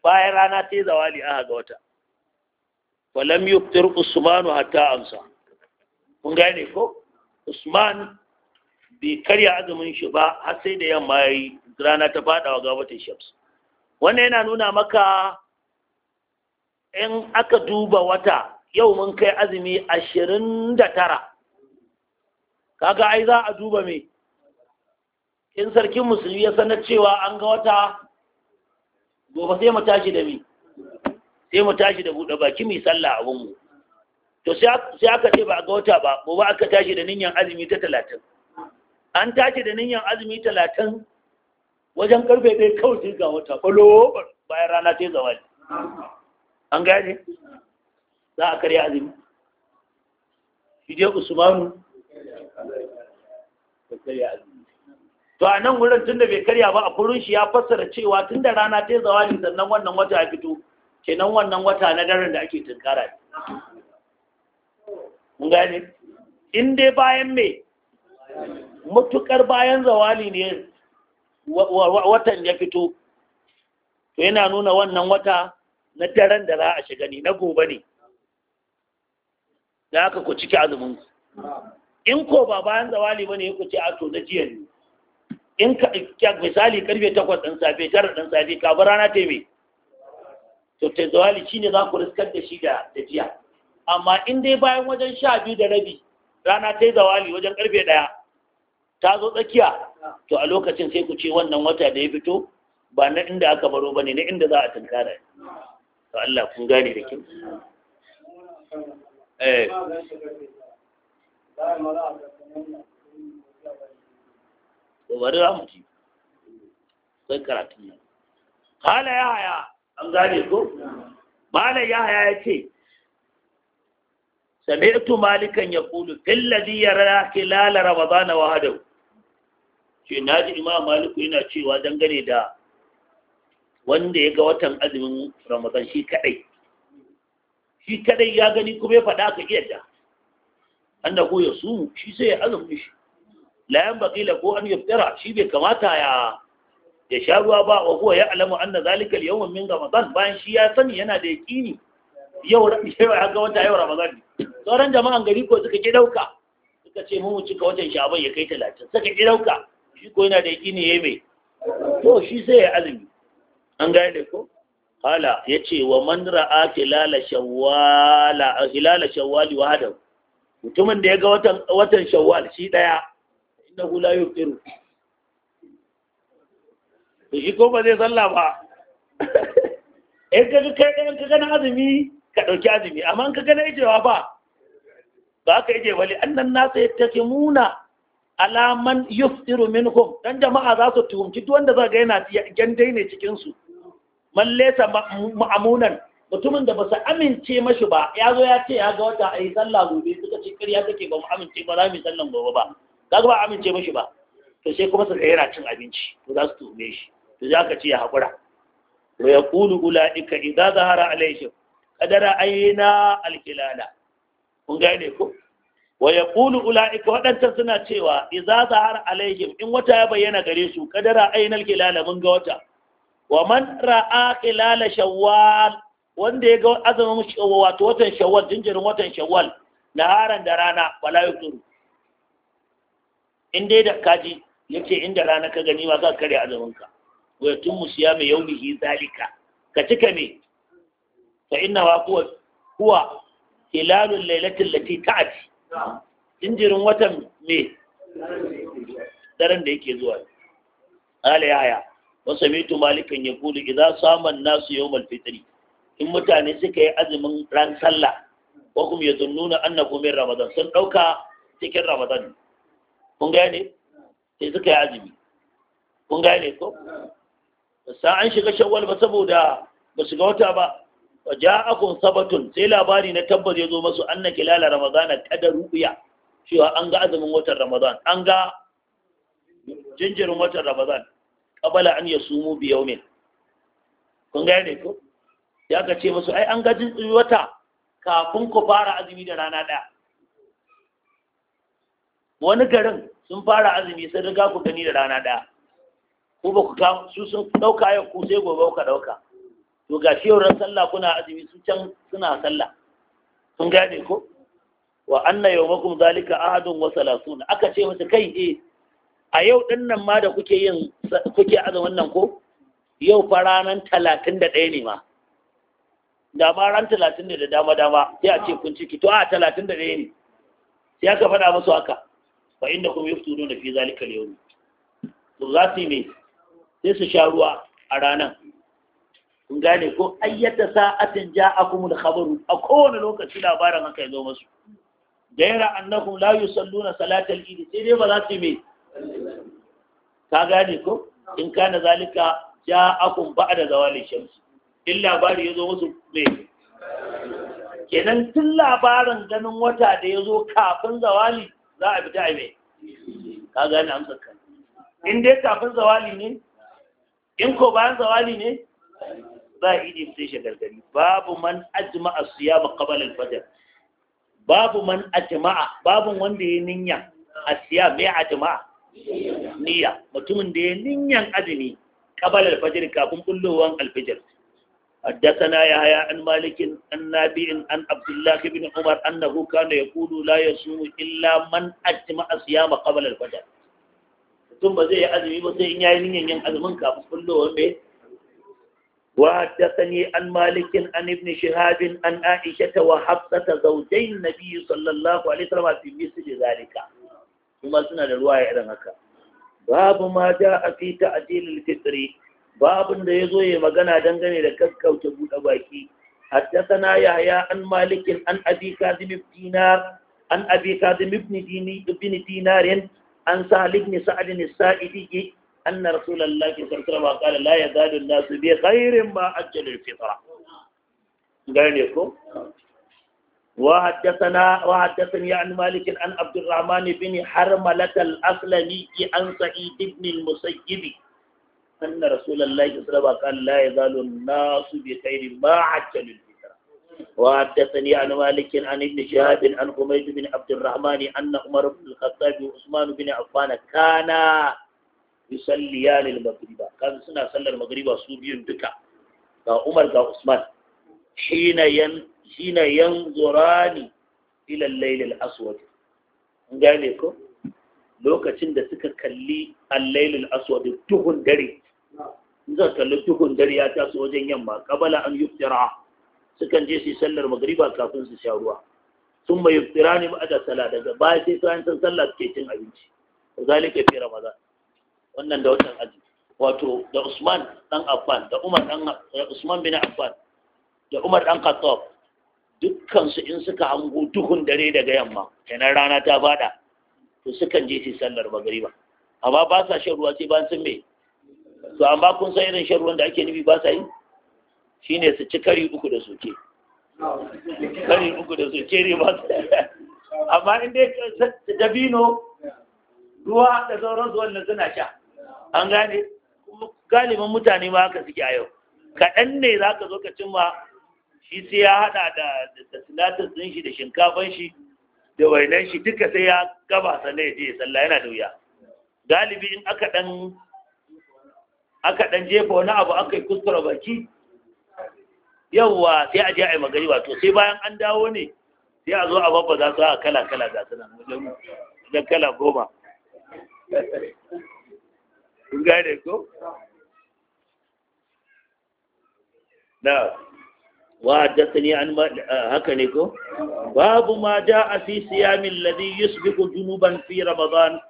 bayan rana ta zawali a ga wata falam yuftir usmanu hatta amsa kun gane ko usman bai karya azumin shi ba har sai da yamma yayi rana ta fada wa gabatin shams wannan yana nuna maka in aka duba wata yau mun kai azumi ashirin da tara kaga ai za a duba me in sarkin musulmi ya sanar cewa an ga wata gobe sai mu tashi da mi sai mu tashi da buɗe baki mai sallah abin mu to sai aka ce ba a ga wata ba gobe aka tashi da niyyar azumi ta talatin an tashi da niyyar azumi talatin wajen karfe ɗaya kawai sai ga wata ƙwalo bayan rana ta yi zawali an gane za a karya azumi shi dai usmanu da karya azumi to a nan wurin tunda bai karya ba a kurin shi ya fassara cewa tun da rana ta zawali sannan wannan wata ya fito kenan wannan wata na daren da ake tunkara ne gane in dai bayan me mutukar bayan zawali ne watan ya fito to yana nuna wannan wata na daren da za a shiga ne na gobe ne da haka ku ciki azumin in ko ba bayan zawali bane ku ce a to na jiya ne in ka misali karfe takwas ɗin safe tara ɗin safe ka bar rana ta to ta zawali shi ne za ku riskar da shi da tafiya amma in dai bayan wajen sha biyu da rabi rana ta zawali wajen karfe ɗaya ta zo tsakiya to a lokacin sai ku ce wannan wata da ya fito ba na inda aka baro ba ne na inda za a tunkara to Allah kun gane da kin eh to bari za sai karatun nan kala ya haya an gane ko malam ya haya ya ce سمعت مالكا Kulu, filla الذي يرى خلال رمضان وحده shi na ji imam maliku yana cewa dangane da wanda ya ga watan azumin ramadan shi kadai shi kadai ya gani kuma ya faɗa ka iya da an da goya su shi sai ya azumin shi la la ko an yaftara shi bai kamata ya ya sha ruwa ba wa ya alamu anna zalika al-yawm min ramadan bayan shi ya sani yana da yaqini yau yau ya ga wata yau ramadan sauran jama'an gari ko suka ke dauka suka ce mu cika watan sha'ban ya kai 30 suka ke dauka shi ko yana da yaqini yayi mai to shi sai ya azumi an ga da ko ya yace wa man ra'a hilala shawwala hilala shawwali wahdahu mutumin da ya ga watan watan shawwal shi daya innahu la yuqiru to shi ko ba zai sallah ba in ka ga kai ka ga azumi ka ɗauki azumi amma in ka ga na ijewa ba ba ka ije wali annan nasu yattakimuna ala man yuftiru minhum dan jama'a za su tuhumci duk wanda za ga yana gendai ne cikin su man laysa ma'amunan mutumin da ba su amince mashi ba ya zo ya ce ya ga wata a yi sallah gobe suka ce ƙarya take ba mu amince ba za mu yi sallan gobe ba kaga ba amince mishi ba to sai kuma su yana cin abinci to za su tume shi to za ka ce ya haƙura wa ya kulu ula'ika idza zahara alaihim qadara ayna alkilala kun gane ko wa ya kulu ula'ika waɗancan suna cewa idza zahara alaihim in wata ya bayyana gare su qadara ayna alkilala mun ga wata wa man ra'a kilala shawwal wanda ya ga azumin wato watan shawwal jinjirin watan shawwal naharan da rana wala yuturu in dai da kaji yace inda rana ka gani ma za ka karya azumin ka wa mai yau mihi zalika ka cika me fa innaha kuwa kuwa hilalul lailati lati ta'ti injirin watan me daren da yake zuwa ala haya, wa samitu malikan ya idza sama an-nasu yawm al in mutane suka yi azumin ran sallah wa kum yadunnuna annakum min ramadan sun ɗauka cikin ramadan kun gane sai suka yi azumi kun gane ko san an shiga shawwal ba saboda ba shiga wata ba wa ja'akum sabatun sai labari na tabbas ya zo masu anna kilala ramadana kada ru'ya cewa an ga azumin watan ramadan an ga jinjirin watan ramadan qabala an yasumu bi yawmin kun gane ko ya ka ce masu ai an ga jinjirin wata kafin ku fara azumi da rana daya wani garin sun fara azumi sun riga ku gani da rana ɗaya ko ba ku kama su sun ɗauka yau ku sai gobe ka ɗauka to ga shi yau sallah kuna azumi su can suna sallah sun gane ko wa anna yawmakum zalika ahadun wa salasuna aka ce musu kai eh a yau din nan ma da kuke yin kuke azumin nan ko yau fa ranan 31 ne ma da ma ran 30 ne da dama dama sai a ce kun ciki to a 31 ne sai aka faɗa musu haka fa inda kuma yuftu da fi zalika al-yawm to za su me sai su sha ruwa a ranan kun gane ko ayyata sa'atin ja'akumul khabaru a kowane lokaci labarin haka ya zo musu gaira annahum la yusalluna salatal eid sai dai ba za su me ka gane ko in kana zalika ja'akum ba'da zawalin shams in labari ya zo musu me kenan tun labarin ganin wata da ya zo kafin zawali za a fita a ka gane amsar ka in dai kafin zawali ne in ko bayan zawali ne ba idi sai gargari. babu man ajma'a siyama qabla al-fajr babu man ajma'a babu wanda ya ninya asiya me ajma'a niyya mutumin da ya ninyan azumi qabla al-fajr kafin kullowan al-fajr حدثنا يحيى عن مالك عن نابع عن عبد الله بن عمر انه كان يقول لا يصوم الا من اجمع صيام قبل الفجر ثم زي azumi ba sai in yayi niyyar yin azumin kafin kullowar me وحدثني عن مالك عن ابن شهاب عن عائشة وحفصة زوجي النبي صلى الله عليه وسلم في مثل ذلك ثم سنة الرواية عن باب ما جاء في تعديل الفطر babin da ya zo ya magana dangane da kakkauta buɗe baki حدثنا يحيى عن مالك عن أبي كاظم بن دينار عن أبي كاظم بن بن دينار عن سهل بن سعد السائدي أن رسول الله صلى الله عليه وسلم قال لا يزال الناس بخير ما أجل الفطرة قال وحدثنا وحدثني عن مالك عن عبد الرحمن بن حرملة الأسلمي عن سعيد بن المسيب أن رسول الله صلى الله عليه وسلم قال لا يزال الناس بخير ما عجلوا الفترة وحدثني عن مالك عن ابن شهاب عن حميد بن عبد الرحمن أن عمر بن الخطاب وعثمان بن عفان كانا يصليان المغرب كان سنة صلى المغرب سوري بكا عمر وعثمان حين ين حين ينظران إلى الليل الأسود gane ko lokacin da suka kalli allailul aswad duhun dare zan kalli tukun dare ya taso wajen yamma kabala an yuftira sukan je su sallar magriba kafin su sha ruwa sun mai yuftira ne ba'ada sala daga baya sai kayan san sallah suke cin abinci da zalika fi ramadan wannan da wannan aji wato da usman dan affan da umar dan usman bin affan da umar dan khattab dukkan su in suka hango duhun dare daga yamma kenan rana ta fada to sukan je su sallar magriba amma ba sa shan ruwa sai ba sun mai So amma kun san irin shan ruwan da ake nufi ba sa yi Shi ne su ci kari uku da soke kari uku da soke ne ba amma in dai dabino ruwa da sauran zuwan na suna sha an gane galibin mutane ma haka suke a yau kaɗan ne za ka zo ka cimma shi sai ya haɗa da sinadarin ɗin shi da shinkafan shi da wainan shi duka sai ya gaba sannan ya je sallah yana da wuya galibi in aka ɗan aka ɗan jefa wani abu aka yi kuskura baki yawwa sai a je a yi magari wato sai bayan an dawo ne sai a zo a babba za su a kala kala za su nan wajen da kala goma kun gane ko na wa haddathani an haka ne ko babu ma jaa fi siyamin ladhi yusbiqu junuban fi ramadan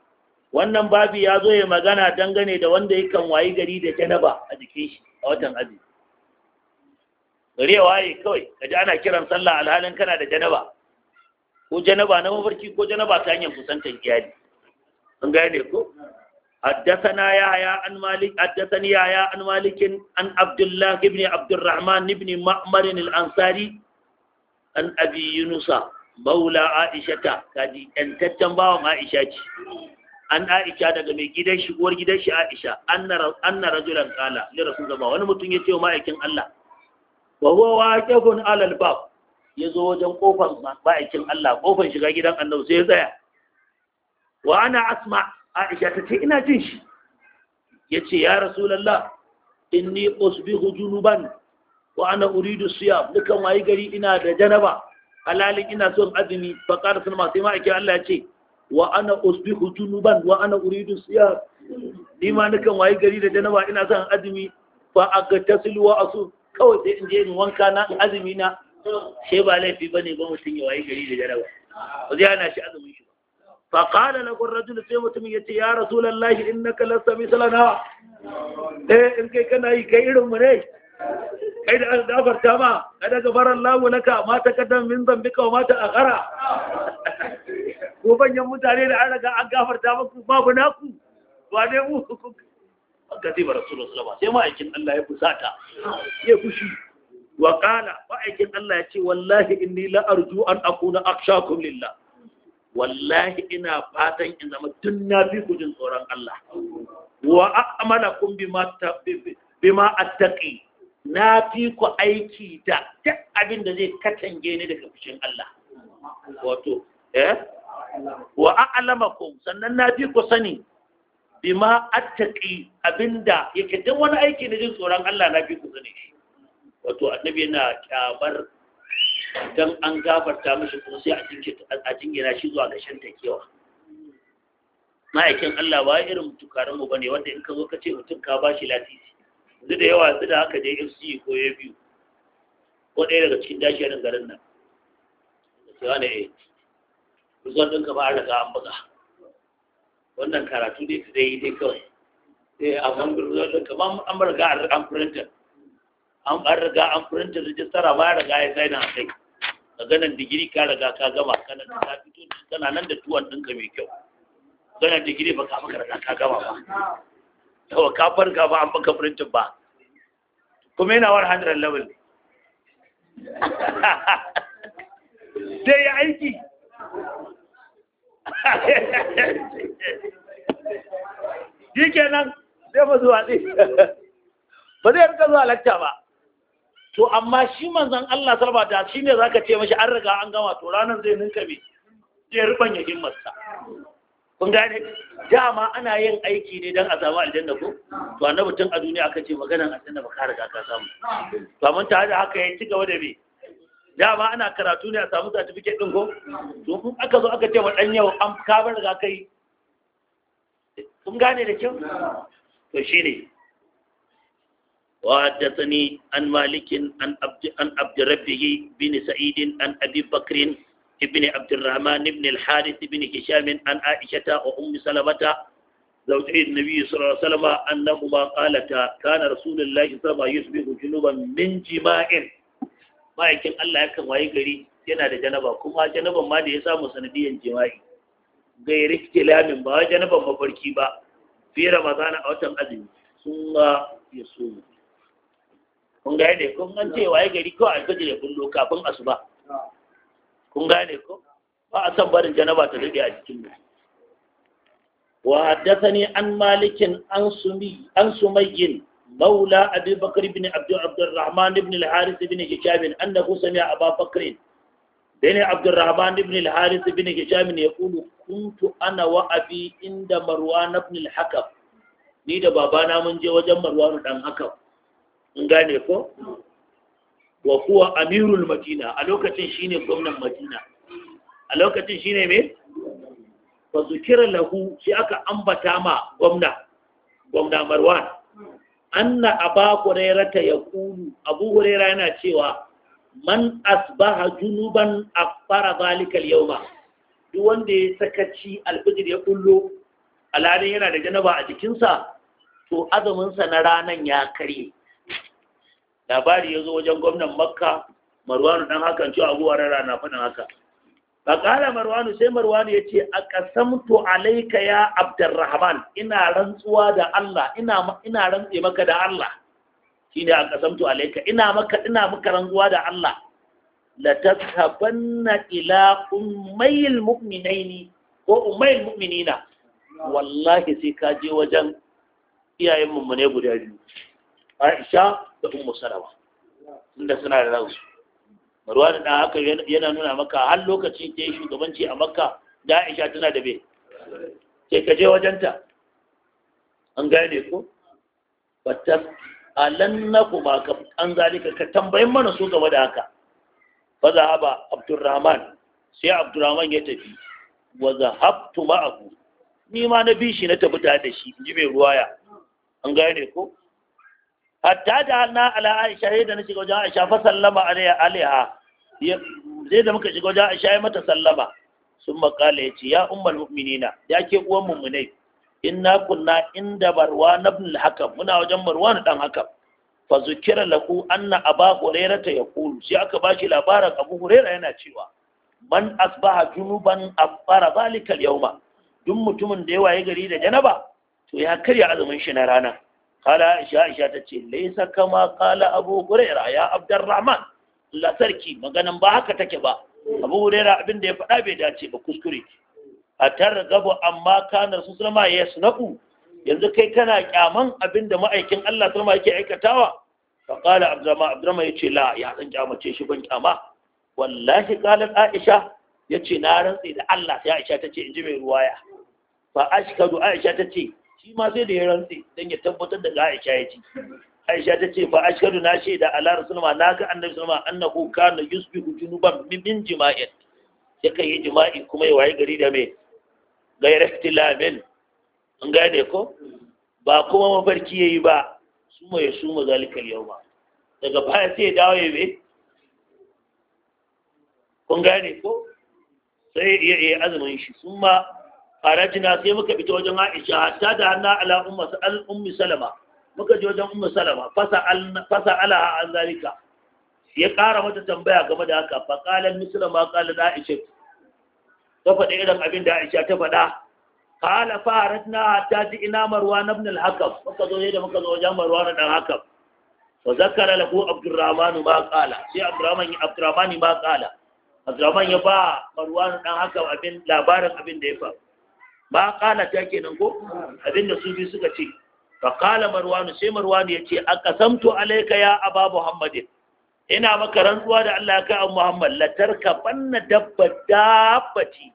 wannan babi ya zo ya magana dangane da wanda yakan wayi gari da janaba a jikin shi a watan abi gari ya waye kawai kaji ana kiran sallah alhalin kana da janaba ko janaba na mafarki ko janaba ta hanyar kusantar iyali an gane ko حدثنا يحيى عن مالك حدثني يحيى عن مالك عن عبد الله بن عبد الرحمن بن مأمر الأنصاري عن أبي يونس مولى عائشة كادي أن تتنبا عائشة an Aisha daga mai gidan shigowar gidan shi Aisha an na rajulan ne rasu zama. wani mutum ya ce wa ma'aikin Allah wa ake kun alal ya yazo wajen kofar ma'aikin Allah kofar shiga gidan Annabi sai ya tsaya wa ana asma Aisha ta ce ina jin shi Ya ce ya rasu in inni Osbi junuban wa ana uridu siya dukan wayi gari ina da janaba halalin ina son azumi fa qala masu yi ma'aikin Allah ya ce wa ana usbihu junuban wa ana uridu siyar ni ma nakan wayi gari da janaba ina son azumi fa agtasilu wa asu kawai sai in je in wanka na azumi na sai ba laifi bane ba mutun ya wayi gari da janaba ba zai hana shi azumin shi fa qala lahu ar-rajul sai mutum yace ya rasulullahi innaka lasta mislana eh in kai kana yi kai irin mu ne kai da an ta ma kada gafaran lahu naka, ma taqaddam min zambika wa ma akhara ko banyan mutane da an raga an gafarta muku babu naku ba ne mu haka zai ba sura sallama sai ma'aikin Allah ya fusata ya fushi wa qala ma'aikin Allah ya ce wallahi inni la arju an akuna akshakum lillah wallahi ina fatan in zama tun na fi ku tsoron Allah wa kun bi ma attaqi na fi ku aiki da duk abin da zai katange ni daga fushin Allah wato eh wa a'lamakum sannan na fi ku sani bima attaqi abinda yake duk wani aiki na jin tsoron Allah na fi ku sani shi wato annabi yana kyamar dan an gafarta mishi ko sai a cikin jingina shi zuwa ga shan takewa ma'aikin Allah ba irin tukarin mu bane wanda in ka zo ka ce mutum ka bashi shi latisi yanzu da yawa yanzu da haka je FC ko ya biyu ko ɗaya daga cikin dashiyarin garin nan sai ne eh result ɗinka ba a riga an buga wannan karatu dai ta dai dai kawai sai a san result ɗinka ba an riga an printer an riga an printer rijistara ba riga ya sai na kai A ganin digiri ka riga ka gama kana ka fito kana nan da tuwon ɗinka mai kyau ganin digiri ba ka maka riga ka gama ba yawa ka farka ba an baka printing ba kuma yana 100 level sai ya aiki shi nan sai ma zuwa ɗi ba zai rika zuwa lacca ba to amma shi manzan Allah salba ta shi ne za ka ce mashi an riga an gama to ranar zai ninka mai zai ribanya himmarsa kun gane dama ana yin aiki ne don a samu aljanna ko to annabutun a duniya aka ce maganar aljanna ba ka riga ka samu to amma ta haka ya ci gaba da me da ba ana karatu ne a samu certificate ɗin ko to kun aka zo aka ce wa dan yau an kabar ga kai kun gane da kyau to shine wa hadathani an malik an abdi an abdi rabbihi bin sa'id an abi bakr ibn abd arrahman ibn ibn hisham an aisha wa salamata زوجي النبي صلى الله عليه وسلم أنهما قالتا كان رسول الله صلى الله ma'aikin Allah yakan waye gari yana da janaba kuma janaban ma da ya samu sanadiyan jima'i gairi lamin ba janaban mafarki ba fi ramadan a watan azumi sun ga ya so. kun gane ko an ce waye gari ko gaje ya bullo kafin asuba kun gane ko ba a san barin janaba ta dade a cikin mu wa haddathani an malikin an sumi an sumayyin مولى أبي بكر بن عبد عبد الرحمن بن الحارث بن هشام أنه سمع أبا بكر بن عبد الرحمن بن الحارث بن هشام يقول كنت أنا وأبي عند مروان بن الحكم ni da babana mun je wajen Marwaru dan hakan in gane ko wa kuwa amirul madina a lokacin shine gwamnan madina a lokacin shine me fa zukira lahu shi aka ambata ma gwamna gwamna marwan anna aba hurairata ya kulu abu huraira yana cewa man asbaha junuban afara zalikal ba. duk wanda ya sakaci alfijir ya kullo alhalin yana da janaba a jikinsa to azuminsa na ranan ya karye labari ya zo wajen gwamnan makka marwanu dan hakan cewa abu hurairah na fadin haka faƙala marwanu sai marwanu ya ce a ƙasamtu alaika ya abdurrahman ina rantsuwa da Allah ina rantse maka da Allah Shi ne a ƙasamtu alaika ina maka ina maka rantsuwa da Allah la tashabanna ila ummayil mu'minaini ko ummayil mu'minina wallahi sai ka je wajen iyayen mummune guda biyu Aisha da Ummu Salama inda suna da ransu marwan da haka yana nuna maka har lokaci ta shugabanci a makka da aisha tana da be sai ka je wajenta an gane ko fatas alannaku ba ka an zalika ka tambayin mana su game da haka Ba za a ba abdurrahman sai abdurrahman ya tafi wa haftu ma'aku ni ma na bi shi na tafi tare da shi in ji mai ruwaya an gane ko hatta da na ala aisha yadda na shiga wajen aisha fa sallama alaiha zai da muka shiga wajen aisha ya mata sallama sun makala ya ce ya ummar mu'minina ya ke uwan mummunai inna kunna inda barwa na bin hakan muna wajen barwa na dan hakan fa zukira lahu anna aba hurairah ta yaqulu sai aka bashi labarin abu hurairah yana cewa man asbaha junuban afara zalikal Yauma, yawma duk mutumin da ya waye gari da janaba to ya karya azumin shi na rana قال aisha aisha ta ce كما kama kala abu يا ya الرحمن لا sarki ما ba haka take ba abu huraira abin da ya faɗa bai dace ba kuskure a targabu amma kana su sulama yanzu kai kana kyaman abin da ma'aikin Allah Ta yake aikatawa fa qala abdurrahman abdurrahman yace la ya san kyamace shi ban kyama wallahi qalat aisha yace na rantsi da Allah sai aisha tace inji mai ruwaya fa ashkadu aisha tace shi ma sai da ya rantse don ya tabbatar da Aisha ya ci. Aisha ta ce fa ashhadu na da ala rasulullah na ga annabi sallama annahu kana yusbihu junuban min jima'in ya yi jima'i kuma ya waye gari da me gairar tilamin an gane ko ba kuma mafarki ya yi ba su ma ya suma zalikal yau ba daga baya sai ya dawo ya me kun gane ko sai ya yi azumin shi sun ma kharajna sai muka fita wajen Aisha hatta da anna ala ummi salama muka ji wajen ummi salama fasa fasa ala an zalika ya ƙara mata tambaya game da haka fa qalan misla ma da Aisha ta faɗa irin abin da Aisha ta faɗa qala faratna hatta ji ina marwan ibn al-hakam muka zo ne da muka zo wajen na dan hakam wa zakara lahu abdurrahman ma qala sai abdurrahman abdurrahman ma kala. abdurrahman ya ba na dan hakam abin labarin abin da ya faru ba kala ta kenan ko abinda su bi suka ce fa kala marwanu sai marwanu yace aqasamtu alayka ya aba muhammadin ina maka rantsuwa da Allah ka Abu muhammad la tarka banna dabba dabbati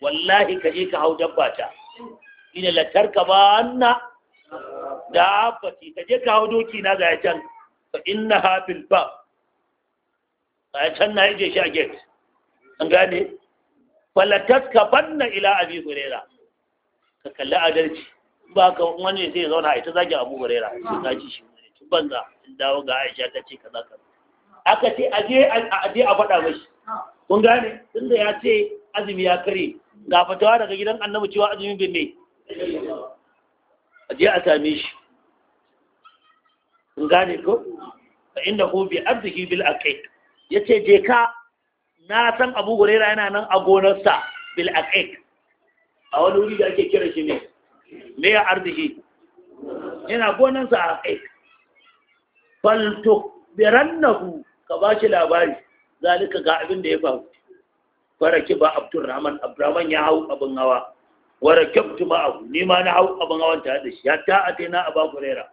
wallahi ka je ka hau dabba ta ina la tarka banna dabbati ka je ka hau doki na ga can fa innaha bil ba ga can na je shi a gate an gane falatas ka banna ila abi hurera ka kalli adalci ba ka wani sai zauna ita zagi abu hurera ka ci shi ne tun banza in dawo ga aisha ta ce kaza kaza aka ce aje aje a faɗa mashi kun gane tunda ya ce azumi ya kare ga fatawa daga gidan annabi cewa azumi bin ne aje a same shi kun gane ko fa inda hu bi arziki bil aqiq yace je ka na san abu huraira yana nan a gonarsa bil aqiq a wani wuri da ake kira shi ne me ya arziki yana gonarsa a aqiq fal tukbirannahu ka ba shi labari zalika ga abin da ya faru faraki ba abdurrahman abdurrahman ya hau abin hawa wara kyautu ma'ahu ni ma na hau abin hawan tare da shi hatta a daina a babu rera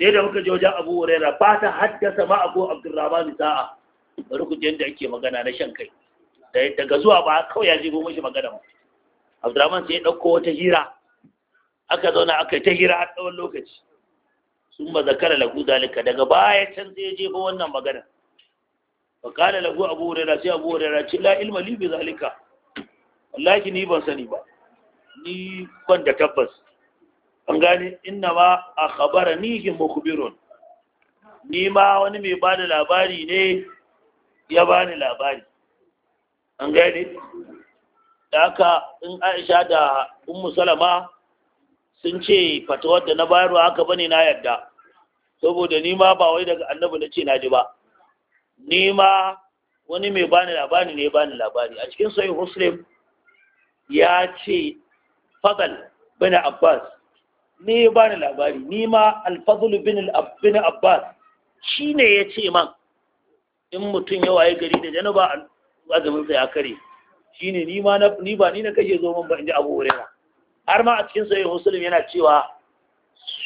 sai da muka je wajen abu rera ba ta haddasa ma'ahu abdurrahman sa'a bari ku yadda ake magana na shan kai daga zuwa ba kawai ya jibo mishi magana ba abdurrahman sai ya ɗauko wata hira aka zauna aka yi ta hira a tsawon lokaci sun ba zakara lagu zalika daga baya can sai ya jefa wannan magana fa kala lagu abu hurairah sai abu hurairah ce la ilma li bi zalika wallahi ni ban sani ba ni ban da tabbas an gane inna ma a khabara ni ni ma wani mai da labari ne ya bani labari an gani? da haka in aisha da ummu salama sun ce fatawar da na bayarwa haka bane na yarda saboda ni ma ba wai daga annabi na ce na ji ba ni ma wani mai bani labari ne bani labari a cikin sahih muslim ya ce fadal bin abbas ne bani labari ni ma al-fadl bin abbas shine ya ce man in mutum ya waye gari da janaba azumin sa ya kare shine ni ni ba ni na kashe zoman ba inji Abu Hurairah har ma a cikin sahih musulun yana cewa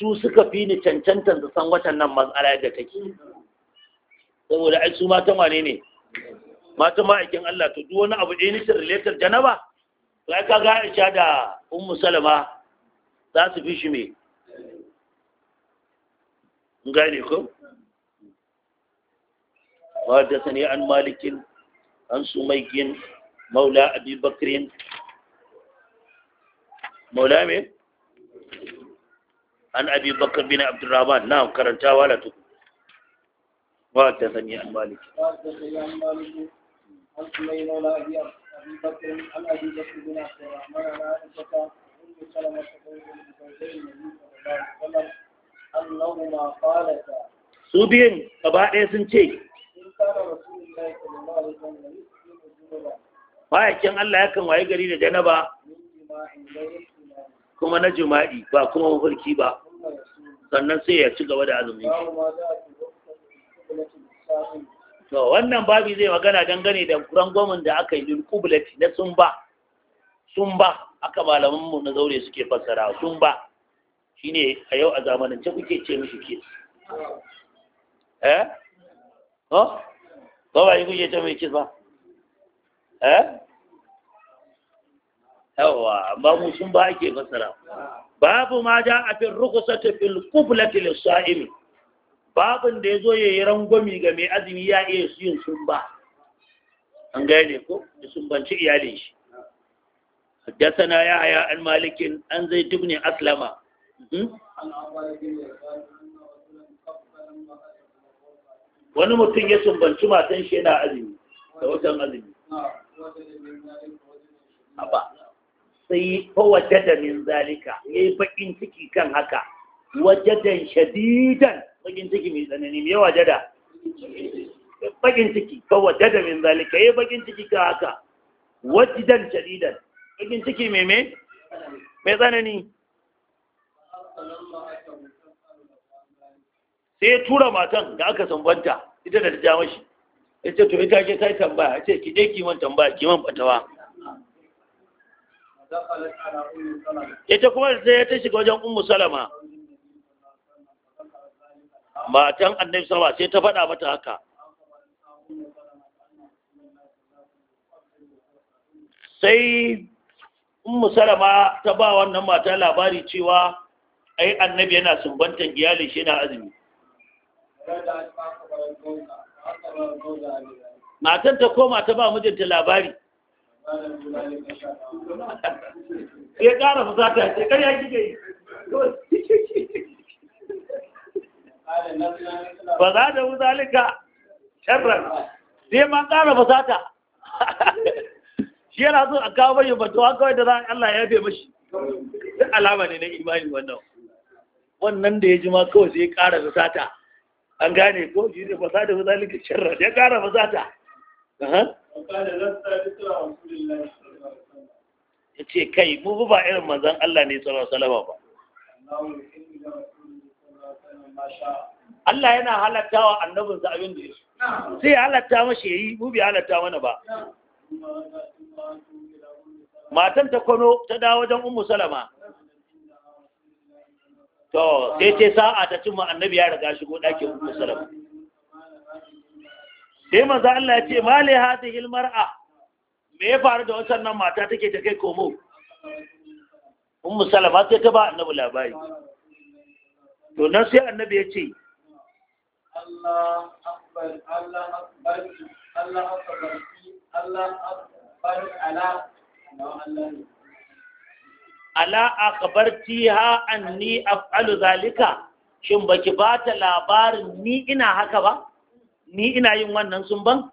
su suka fi ni cancantan da san watan nan mas'ala da take saboda ai su matan wane ne matan ma'aikin Allah to duk wani abu da ni related janaba to ka ga Aisha da Ummu Salama za su fi shi me gane ko وحدثني عن مالك عن سمي مولى أبي بكر مولى من عن أبي بكر بن عبد الرحمن نعم كرنتا ولا تقول وحدثني عن مالك وحدثني عن مالك عن سمي مولى أبي بكر عن أبي بكر بن عبد الرحمن عن عائشة أم سلمة زوجي النبي صلى الله عليه وسلم أنهما قالتا su biyun gaba ɗaya sun ce ma'aikin Allah ya kan waye gari da janaba kuma na jima'i ba kuma mafarki ba sannan sai ya ci gaba da azumin shi to wannan babi zai magana dangane da rangwamin da aka yi lulkublati na sumba sumba aka malamanmu na zaure suke fassara sumba shine a yau a zamanance kuke ce mishi ke eh ko ko ba yi kuke ta mai eh? yawa ba mu sun ake fasara babu ma ja a fi rukusatu fil quflati lis-sa'im babin da yazo yayi rangwami ga mai azumi ya iya yin sun ba an ne ko sun banci iyalin shi حدثنا يحيى عن مالك عن زيد بن اسلم عن wani mutum ya sumbanci matan shi yana azumi da watan azumi haba sai kowace da min zalika ya yi bakin ciki kan haka wajadan shadidan bakin ciki mai tsanani mai wajada bakin ciki kowace da min zalika ya yi bakin ciki kan haka wajadan shadidan bakin ciki mai mai tsanani sai ya tura matan da aka sambanta ita da ta ja mashi ya ce to ita ke ta yi tambaya ya ce ki je kiman tambaya kiman batawa ita kuma sai ta shiga wajen ummu salama matan annabi salama sai ta faɗa mata haka sai ummu salama ta ba wannan mata labari cewa ai annabi yana sumbantan giyalin shi na azumi Matan ta koma ta ba mijinta labari. Ya ƙara fusata, ya ƙarya kike yi. Ba za da wuzalika sharrar, sai ma ƙara fusata. Shi yana so a kawo bayan batuwa kawai da za Allah ya yafe mashi. alama ne na imani wannan. Wannan da ya ji ma kawai sai ƙara fusata. an gane ko shi ne fasa da zalika shirra ya kara ta ya ce kai mu ba irin manzan Allah ne sallallahu salama ba Allah yana halatta wa annabin sa abin da ya sai halatta mashi ya yi, mu bi halatta mana ba matan ta kwano ta dawo wajen ummu salama to sai ce sa'a ta cimma annabi ya riga shigo ɗakin umu salama sai maza Allah ya ce male hadhihi almar'a me ya faru da wannan nan mata take ta kai komo ummu salama sai ta ba annabi labari to nan sai annabi ya ce Allah akbar Allah akbar Allah akbar Allah akbar ala Allah ala an ni af'alu zalika shin baki ba ta labarin ni ina haka ba ni ina yin wannan sumban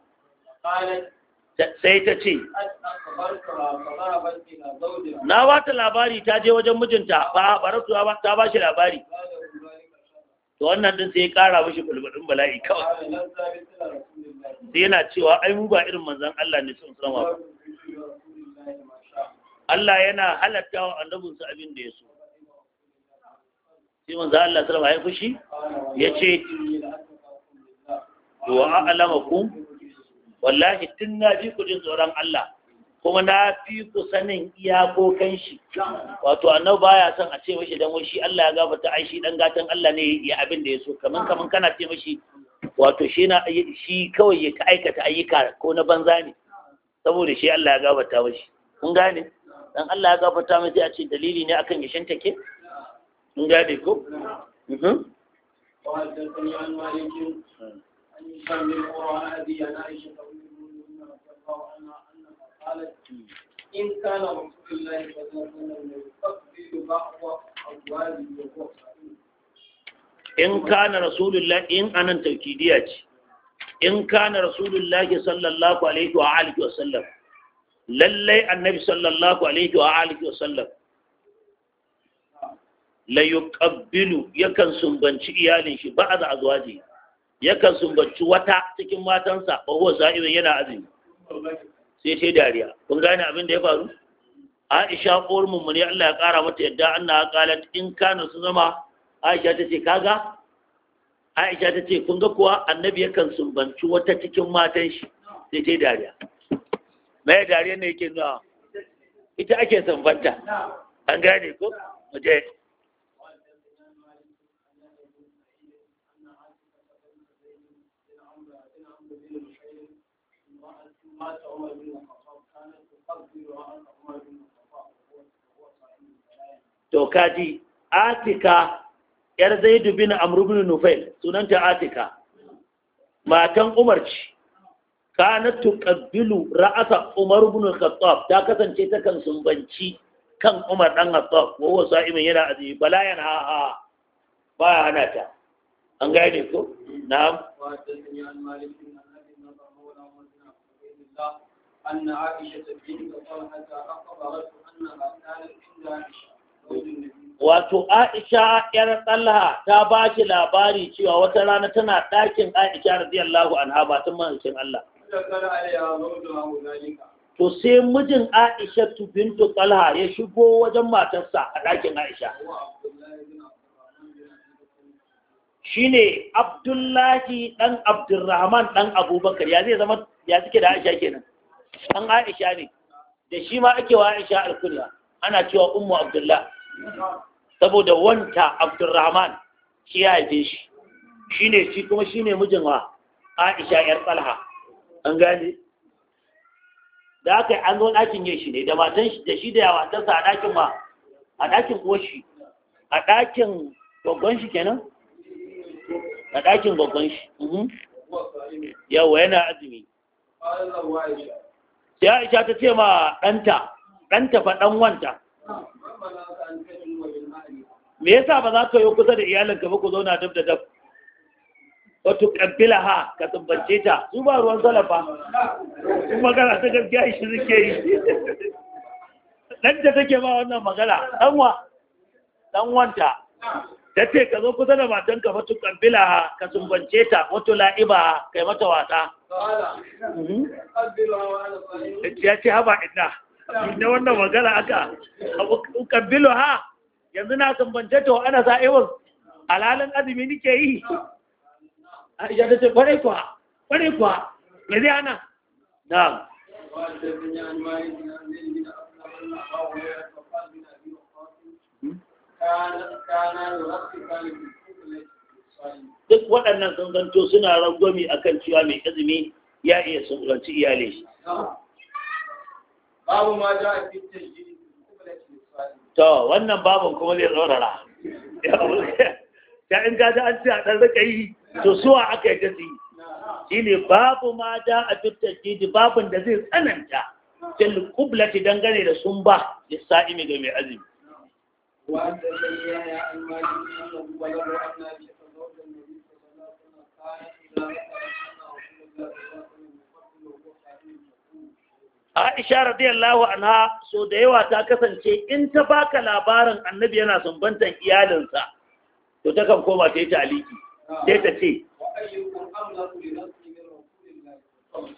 sai ta ce na ba ta labari ta je wajen mijinta ba baratu ta ba shi labari to wannan din sai ya kara mishi kulbadin bala'i kawai sai yana cewa ai mu ba irin manzan Allah ne sun sama Allah yana halatta wa annabinsa abin da ya so sai manzo Allah sallama ya fushi ce, wa ku? wallahi tun na fi ku tsoron Allah kuma na fi ku sanin iyakokan shi wato ba baya son a ce mashi dan shi Allah ya gafata ai shi dan gatan Allah ne ya abin da ya so kaman kaman kana ce mashi wato shi na shi kawai ya ta aikata ayyuka ko na banza ne saboda shi Allah ya gafata mashi kun gane dan Allah ya gafarta mai sai a ce dalili ne akan ya take mhm. in gade ko in kana rasulullahi in anan tawkidiya ce in kana rasulullahi sallallahu alaihi wa alihi wa sallam lallai annabi sallallahu alaihi wa alihi wa sallam la yuqabbilu yakan sumbanci iyalin shi ba da azwaji yakan sumbanci wata cikin matansa ba huwa za'ir yana azumi sai sai dariya kun gane abin da ya faru Aisha uwar mummuni Allah ya kara mata yadda Allah ya kala in kana su zama Aisha ta ce kaga Aisha ta ce kun ga kuwa annabi yakan sumbanci wata cikin matan shi sai sai dariya mai dariya ne yake nuna ita ake sanfanta an gane ko waje to kaji atika yar zaidu bin amr bin nufail sunanta atika matan umar ce kanat tuqabbilu ra'asa Umar ibn Khattab ta kasance ta kan sumbanci kan Umar dan Khattab wa huwa sa'imin yana azumi bala yana ha ha ba hana ta an gane ko na'am wa tadani an malik bin annabi na Aisha, mawla Allah أن عائشة بنت طلحة أخبرت أنها كانت عند عائشة wato Aisha ‘yar Talha ta ba shi labari cewa wata rana tana ɗakin Aisha radiyallahu anha ba ta mahaifin Allah. to sai mijin Aisha bintu Talha ya shigo wajen matarsa a ɗakin Aisha shine Abdullahi dan Abdurrahman dan Abubakar ya zai zama ya suke da Aisha kenan dan Aisha ne da shi ma ake wa Aisha alkulla ana cewa ummu Abdullah saboda wanta Abdurrahman shi ya haife shi shine shi kuma shine mijin wa Aisha yar Talha an gane da aka yi an zo ɗakin yin shi ne da matan shi da shi da yawa ta sa a ɗakin ma a ɗakin shi? a ɗakin gwaggon shi kenan a ɗakin gwaggon shi mhm. yawa yana azumi sai isha ta ce ma ɗanta ɗanta fa ɗan wanta me yasa ba za ka yi kusa da iyalinka ba ku zauna dab da dab wato ƙabbila ha ka tabbace ta su ba ruwan salafa su magana ta gaskiya shi suke yi ɗan da take ba wannan magana ɗanwa ɗanwanta ta ce ka zo kusa da matan ka fatu ƙabbila ha ka tabbace ta wato la'iba kai mata wasa ya ce haba inda inda wannan magana aka ƙabbilo ha yanzu na tsumbance ta wa ana sa'iwar alalan azumi nike yi aisha ce kwarai kuwa kwarai kuwa zai duk waɗannan sun zanto suna a kan cewa mai azumi ya iya sunranci iyalai shi babu ma ja a fi to wannan babu kuma zai tsorara ya in gada an ci a ɗan rika to suwa aka yi ta shi ne babu ma da a tattaki babun da zai tsananta fil kublati dangane da sun ba da sa'imi ga mai azumi Aisha radiyallahu anha so da yawa ta kasance in ta baka labarin annabi yana sumbantan iyalinsa to ta kan koma ta yi taliki sai ta ce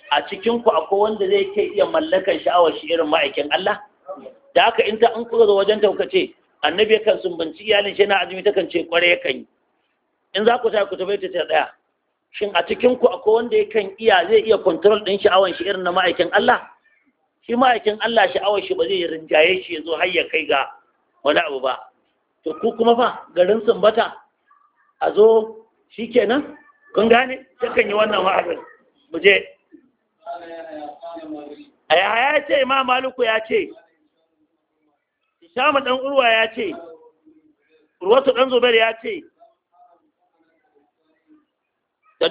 a cikin ku akwai wanda zai ke iya mallakar sha'awar shi irin ma'aikin Allah da haka in ta an kuka zo wajen ta kuka ce annabi kan sumbanci iyalin shi na azumi ta kan ce kware ya kan yi in za ku sa ku tafi ta daya shin a cikin ku akwai wanda ya kan iya zai iya control din sha'awar shi irin na ma'aikin Allah shi ma'aikin Allah sha'awar shi ba zai rinjaye shi ya zo har ya kai ga wani abu ba to ku kuma fa garin sumbata a zo shi kenan kun gane takan yi wannan wa'azin mu je a yaya ya ce ma maluku ya ce shamu dan urwa ya ce urwatu dan zubar ya ce da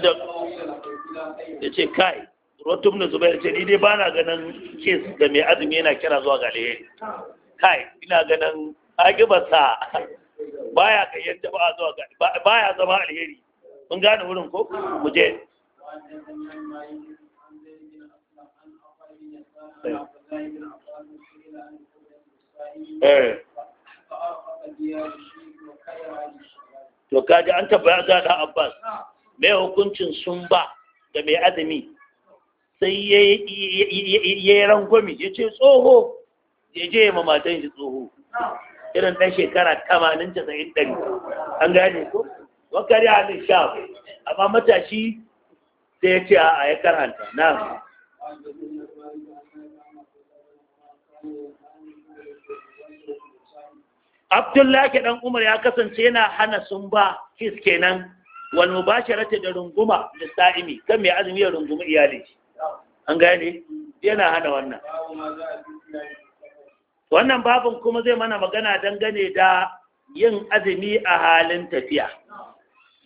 ya ce kai urwatu zubar ya ce ni dai ba na ganin kes da mai azumi yana kira zuwa ga alheri kai ina ganin agibarsa baya da ba zuwa baya zama alheri kun gane wurin ko mu je eh. to kaji an tabbaya ga da abbas mai hukuncin sun ba ga mai azumi sai ya yi rangwami ya ce tsoho ya je ma matan shi tsoho irin ɗan shekara tamanin casa'in ɗari an gane ko wakari a nishaf amma matashi sai ya ce a ya karanta na abdullahi dan umar ya kasance yana hana sun ba his kenan shi mubasharata da runguma da sa'imi kan mai azumi ya runguma iyali an gane yana hana wannan wannan babin kuma zai mana magana dangane da yin azumi a halin tafiya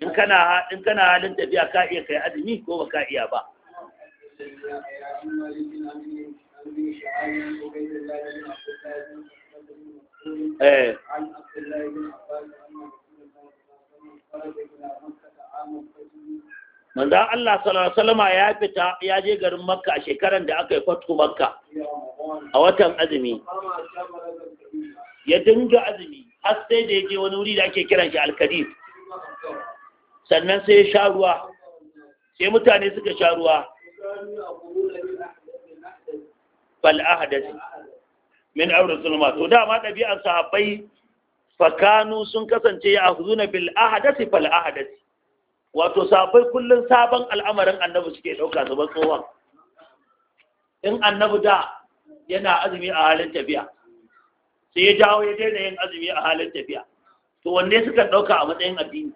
in kana in kana halin tafiya ka iya kai azumi ko ba ka iya ba eh manzo Allah sallallahu alaihi wasallam ya fita ya je garin Makka a shekaran da aka yi fatu Makka a watan azumi ya dinga azumi har sai da ya je wani wuri da ake kiran shi Al-Kadif sannan sai ya sha ruwa sai mutane suka sha ruwa bal ahdasi min amrin sulma to dama ɗabi'ar sahabbai fakanu sun kasance ya ahzuna bil ahdasi fal ahdasi wato sahabbai kullun sabon al'amarin annabi suke ɗauka su ban tsohon in annabi da yana azumi a halin tafiya sai ya jawo ya daina yin azumi a halin tafiya to wanne suka ɗauka a matsayin addini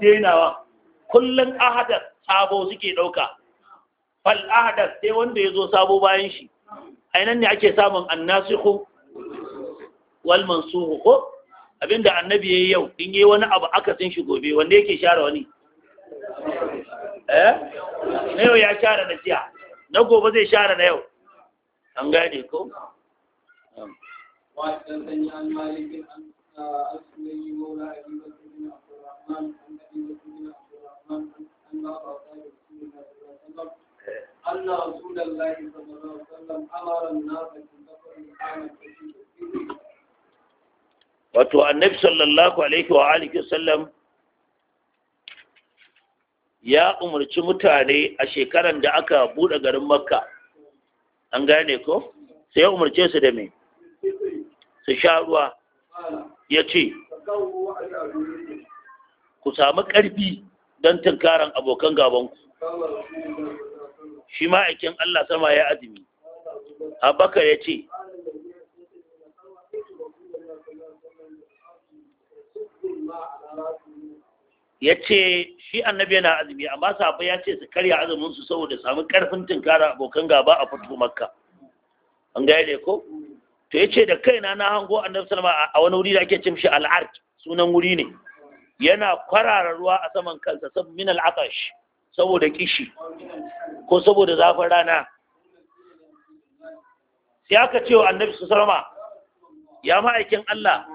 denawa kullum ahadar sabo suke ɗauka fal ahadar sai wanda ya zo sabo bayan shi ainihin ne ake samun annasihu wal mansuhu ko abinda annabi ya yi yau in yi wani abu aka sun shi gobe wanda yake share wani eh na yau ya share na jiya na gobe zai share na yau an gane ko وعن ذلك عن مالك عن أسلم مولى أبي بكر أن رسول الله wato annabi sallallahu alaihi wa alihi sallam ya umarci mutane a shekaran da aka buɗe garin makka an gane ko sai ya umarce su da me su sha ruwa ya ce ku samu ƙarfi don tunkaran abokan gabanku shi ma'aikin Allah sama ya azumi abakar ya ce ya ce shi annabi yana azumi amma safa ya ce su karya azuminsu saboda samu karfin tunkara abokan gaba a fito makka an gaya da ko to ya ce da kaina na hango annabi salama a wani wuri da ake cin shi sunan wuri ne yana kwarara ruwa a saman kansa saboda min al'aqash saboda kishi ko saboda zafin rana sai aka ce wa annabi su salama ya ma'aikin Allah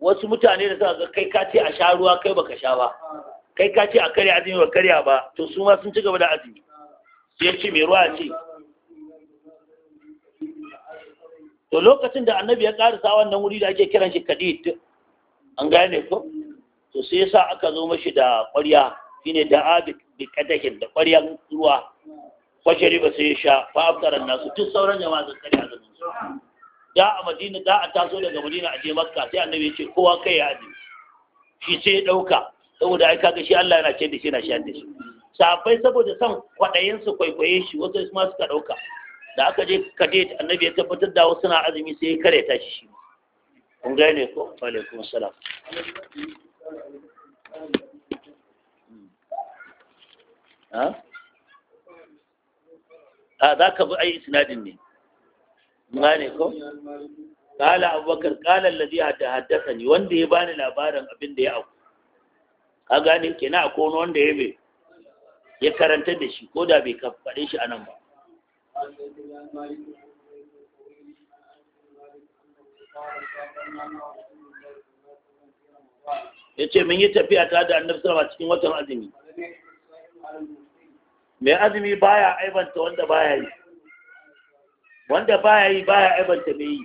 wasu mutane da suka kai ka ce a sha ruwa kai baka sha ba kai ka ce a karya azumi ba karya ba to su ma sun ci gaba da azumi sai ce mai ruwa ce to lokacin da annabi ya karisa wannan wuri da ake kiran shi kadid an gane ko to sai yasa aka zo mashi da ƙwarya shine da abid bi kadakin da ƙwaryan ruwa kwashari ba sai sha fa abtaran nasu duk sauran jama'a sun kare azumin da a madina da a taso daga madina a je makka sai annabi ya ce kowa kai ya azumi shi sai ya dauka saboda ai kaga shi Allah yana ce da shi yana sha da shi sabai saboda son kwaɗayin su kwaikwaye shi wasu ma suka dauka da aka je kadet annabi ya tabbatar da wasu na azumi sai ya kare ta shi kun gane ko alaikum salam a za ka bi ai isnadin ne gane ko kala abubakar kala allazi haddasa ne. wanda ya bani labarin abin da ya auku ka gane kenan akwai wani wanda ya bai ya karanta da shi ko da bai faɗe shi a nan ba ya ce mun yi tafiya ta da annabi a cikin watan azumi mai azumi baya aibanta wanda baya yi wanda baya yi baya aibanta mai yi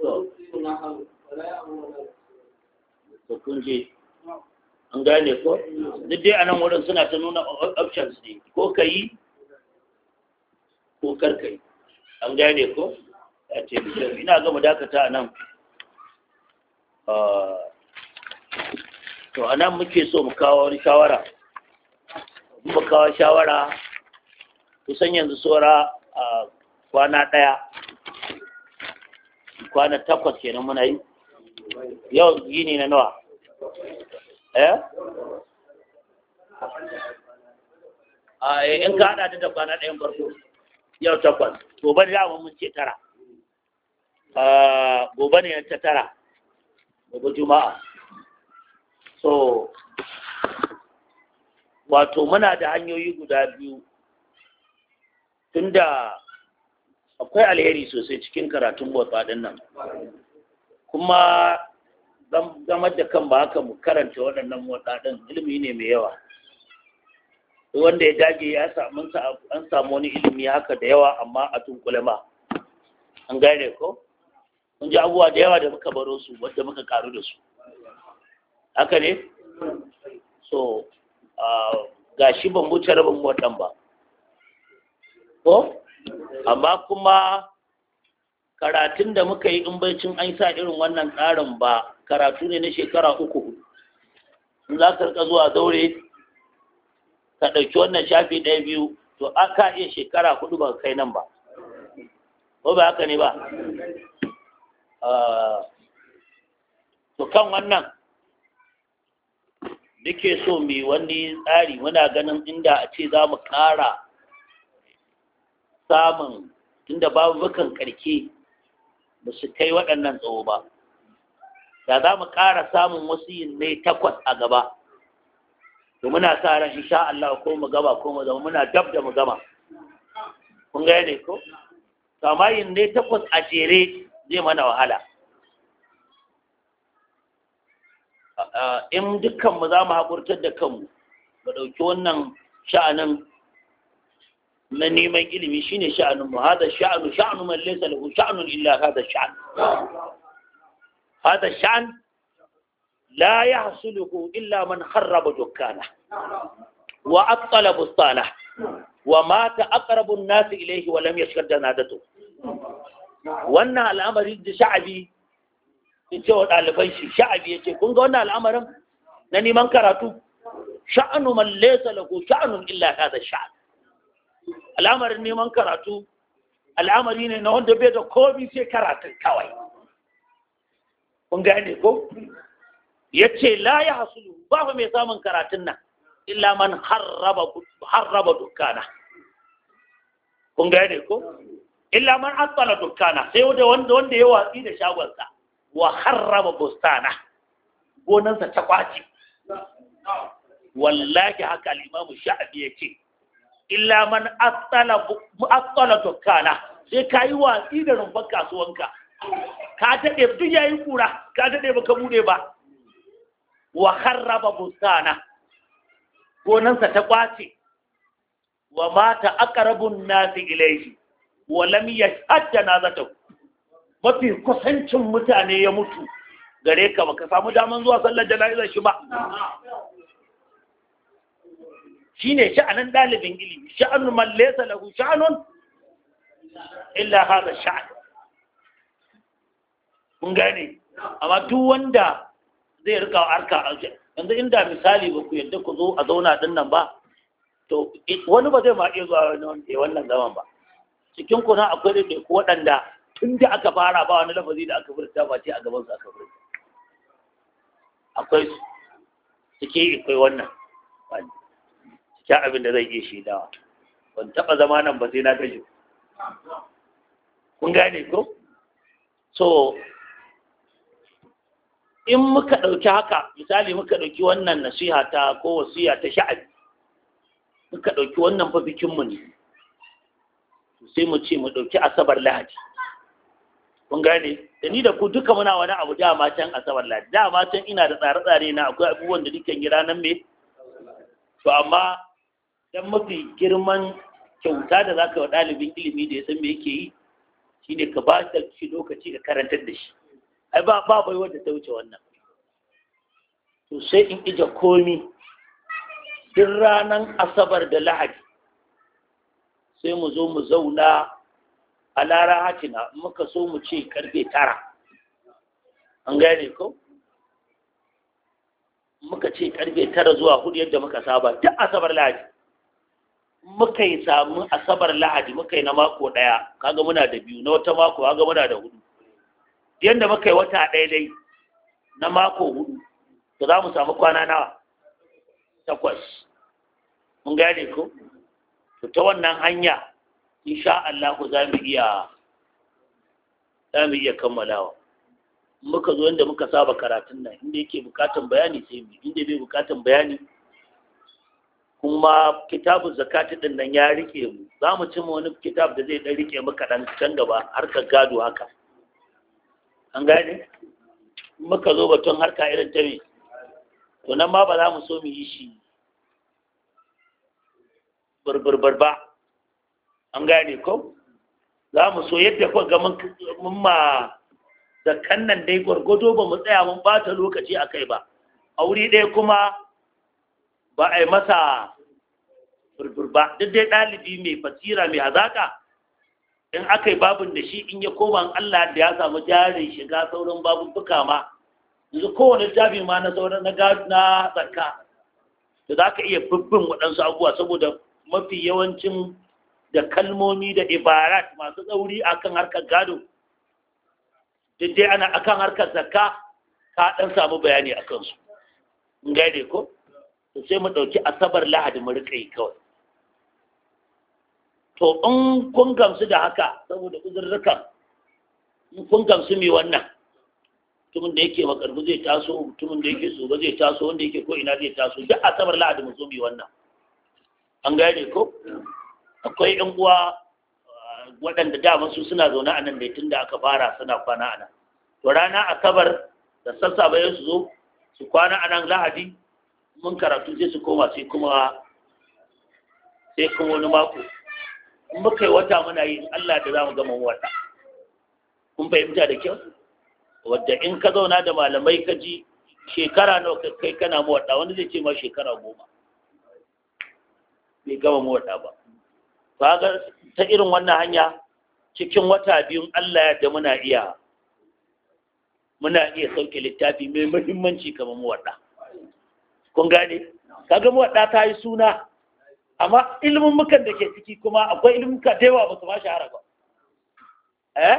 to kun je an gane ko duk dai anan wurin suna ta nuna options ne ko ka yi ko kar ka yi an gane ko A ce ina gama dakata anan ah, to anan muke so mu kawo wani shawara mu kawo shawara kusan yanzu sora ah, kwana ɗaya kwana takwas kenan muna yi yau gini na nawa eh, eh in ka hada da kwana ɗayan farko yau takwas gobe ne mu mun ce tara gobe ne ta tara gobe juma'a so wato muna da hanyoyi guda biyu tunda akwai alheri sosai cikin karatun bauta ɗin nan kuma gamar da kan ba haka mu karanta waɗannan motsa ɗin ilimi ne mai yawa wanda ya dage ya samu an samu wani ilimi haka da yawa amma a tunkule ma an gane ko mun ji abubuwa da yawa da muka baro su wadda muka karu da su haka ne so ah, ga shi ban wuce rabin motsan ba ko amma kuma karatun da muka yi in baicin an sa irin wannan tsarin ba karatu ne na shekara uku in za ka rika zuwa zaure ka ɗauki wannan shafi ɗaya biyu to aka iya shekara hudu ba kai nan ba ko ba haka ne ba ah, to kan wannan nake so mai wani tsari muna ganin inda a ce za mu ƙara samun tunda bukan karke ba su kai waɗannan tsawo ba da za mu ƙara samun wasu yin ne takwas a gaba to muna sa ran insha Allah ko mu gaba ko mu zama muna dab da mu gama kun ga ne ko to amma yin ne takwas a jere zai mana wahala in dukkan mu za mu haƙurtar da kanmu ba ɗauki wannan sha'anin من يمن علمي شين شأنه هذا الشأن شأن من ليس له شأن إلا هذا الشأن هذا الشأن لا يحصله إلا من خرب دكانه وأبطل بستانه ومات أقرب الناس إليه ولم يشكر جنادته وأن الأمر شعبي يتوت على فيش شعبي كنت قلنا الأمر نني من كرته شأن من ليس له شأن إلا هذا الشأن al'amarin neman karatu al'amari ne na wanda bai da komi sai karatun kawai kun gane ko ya ce la ya hasulu fa mai samun karatun nan illa man harraba dukkana kun gane ko illa man asala dukkana sai wanda wanda wanda ya watsi da shagonsa wa harraba bustana gonansa ta kwaci wallahi haka al-imamu sha'abi ya ce illa man asala dukkana sai ka yi watsi da rumfar kasuwanka ka daɗe duk yayi kura ka daɗe baka bude ba wa kharraba bustana gonansa ta kwace wa mata aqrabun nasi ilayhi wa lam yashhad janazatahu mafi kusancin mutane ya mutu gare ka baka samu daman zuwa sallar jana'izar shi ba shine sha'anin dalibin ilimi sha'anun mallesa laysa lahu sha'anun illa haɗa sha'an mun gane amma duk wanda zai rika arka yanzu inda misali ba ku yadda ku zo a zauna din nan ba to wani ba zai ma iya zuwa wannan zaman ba cikin kuna akwai da teku waɗanda tun da aka fara ba wani lafazi da aka furta ba ce a gaban su aka furta akwai su suke akwai wannan ya abin da zai iya shi dawa. ban taɓa zama nan ba sai na gaji kun gane ko so in muka ɗauki haka misali muka ɗauki wannan nasiha ta ko wasiya ta sha'abi muka ɗauki wannan fafikinmu ne sai mu ce mu ɗauki asabar lahadi kun gane da ni da ku duka muna wani abu da ma can asabar lahadi Da ma can ina da tsare-tsare na akwai abubuwan da dukkan gida nan me to amma Idan mafi girman kyauta da za ka wa ɗalibin ilimi da ya san me yake yi shi ne ka ba shi lokaci ka karantar da shi ai ba ba bai wanda ta wuce wannan to sai in ija komi duk ranar asabar da lahadi sai mu zo mu zauna a lara hatina muka so mu ce karfe tara an gane ko muka ce karfe tara zuwa hudu yadda muka saba duk asabar lahadi muka yi samu asabar lahadi muka yi na mako ɗaya kaga muna da biyu na wata mako kaga muna da hudu yadda muka yi wata ɗaya dai na mako hudu to za mu samu kwana nawa takwas mun gane ko to ta wannan hanya insha Allah za mu iya za mu iya kammalawa muka zo inda muka saba karatun nan inda yake bukatan bayani sai mu inda bai bukatan bayani kuma kitabun zakati din nan ya rike mu za mu ci wani kitab da zai dan rike mu kaɗan can gaba harkar gado haka an gane muka zo batun harka irin ta me. to nan ma ba za mu so mu yi shi barbarbar ba an gane ko za mu so yadda kuka ga mun ma da nan dai gwargwado ba mu tsaya mun bata lokaci a kai ba a wuri ɗaya kuma ba a yi masa burburba duk dai ɗalibi mai fasira mai hazaka in aka yi babin da shi in ya koma Allah da ya samu jarin shiga sauran buka ma yanzu kowane jabi ma na sauran na na da za ka iya bubbin waɗansu abubuwa saboda mafi yawancin da kalmomi da ibarat masu tsauri akan harkar gado duk dai a kan harkar zakka ka ɗan samu bayani a kansu. Ngai ko? to sai mu ɗauki asabar lahadi mu riƙa yi kawai to in kun gamsu da haka saboda uzurrukan in kun gamsu mai wannan mutumin da yake makarbu zai taso mutumin da yake soba zai taso wanda yake ko ina zai taso duk asabar lahadi mu zo mai wannan an gane ko akwai yan uwa uh, waɗanda dama su suna zaune a nan da tun da aka fara suna kwana a nan to rana asabar da sassa bayan su zo su kwana a nan lahadi mun karatu sai su koma sai kuma sai kuma wani mako in muka yi wata muna yi Allah da za mu gama wata kun fahimta da kyau wadda in ka zauna da malamai ka ji shekara nawa kai kana mu wata wani zai ce ma shekara goma bai gama mu wata ba ga ta irin wannan hanya cikin wata biyun Allah ya da muna iya muna iya sauke littafi mai muhimmanci kamar wata kun gane kaga mu wadda ta yi suna amma ilimin mukan da ke ciki kuma akwai ilimin ka da yawa ba su ma shahara ba eh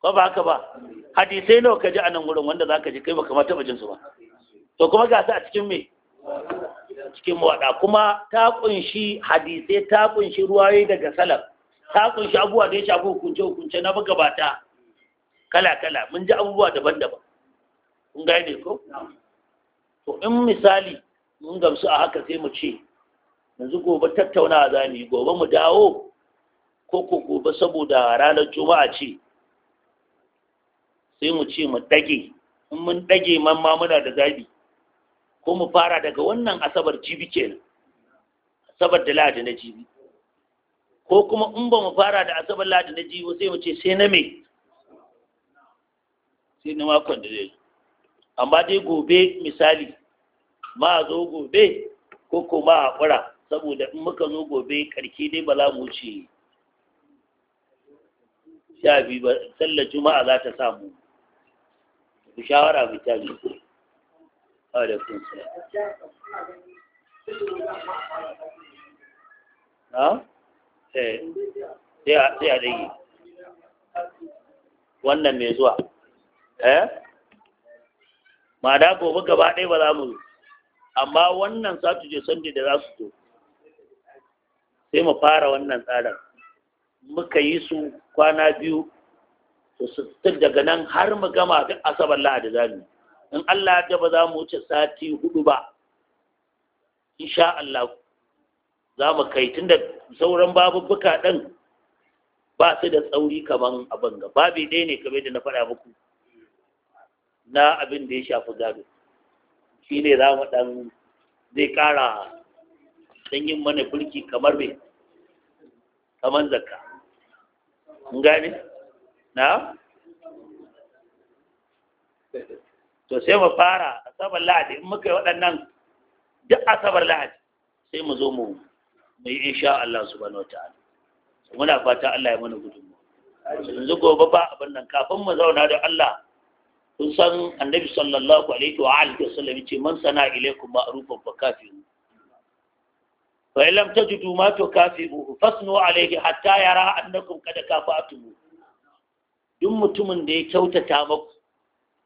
ko ba haka ba hadisai nawa ka ji a nan wurin wanda za ka ji kai ba kamata ba su ba to kuma ga su a cikin me cikin wada kuma ta kunshi hadisai ta kunshi ruwaye daga salaf ta kunshi abubuwa da ya shafi hukunce hukunce na bata kala kala mun ji abubuwa daban-daban kun gane ko to in misali mun gamsu a haka sai mu ce yanzu gobe tattauna za mu yi gobe mu dawo ko ko gobe saboda ranar juma'a ce sai mu ce mu dage in mun dage man ma muna da zabi ko mu fara daga wannan asabar jibi kenan asabar da ladi na jibi ko kuma in ba mu fara da asabar ladi na jibi sai mu ce sai na me sai na makon da zai amma dai gobe misali ma zo gobe ko kuma a haƙura saboda in muka zo gobe karke dai ba za mu wuce sha biyu ba sallar juma'a za ta samu ku shawara mu ta biyu alaikum salam eh sai a dage wannan mai zuwa eh ma'ana gobe gaba ɗaya ba za mu zo, amma wannan je sanje da za su zo sai mu fara wannan tsarin muka yi su kwana biyu to tun daga nan har mu gama duk asabar lahadi za mu in Allah ya ba za mu wuce sati hudu ba insha Allah za mu kai tunda sauran babubbuka ɗin ba su da tsauri kaman abin ga babi ɗaya ne kamar da na faɗa muku na abin da ya shafi gado shi ne za mu ɗan zai ƙara don yin mana bulki kamar mai kamar zakka gani na to sai mu fara asabar lahadi in muka yi waɗannan duk asabar lahadi sai mu zo mu mai insha Allah subhanahu wataala muna fata Allah ya mana gudunmu yanzu gobe ba abin nan kafin mu zauna da Allah kun san annabi sallallahu alaihi wa alihi wasallam yace man sana ilaikum ma'rufan fa kafiru fa illam tajidu ma kafiru fasnu alayhi hatta yara annakum qad kafatuhu duk mutumin da ya kyautata maku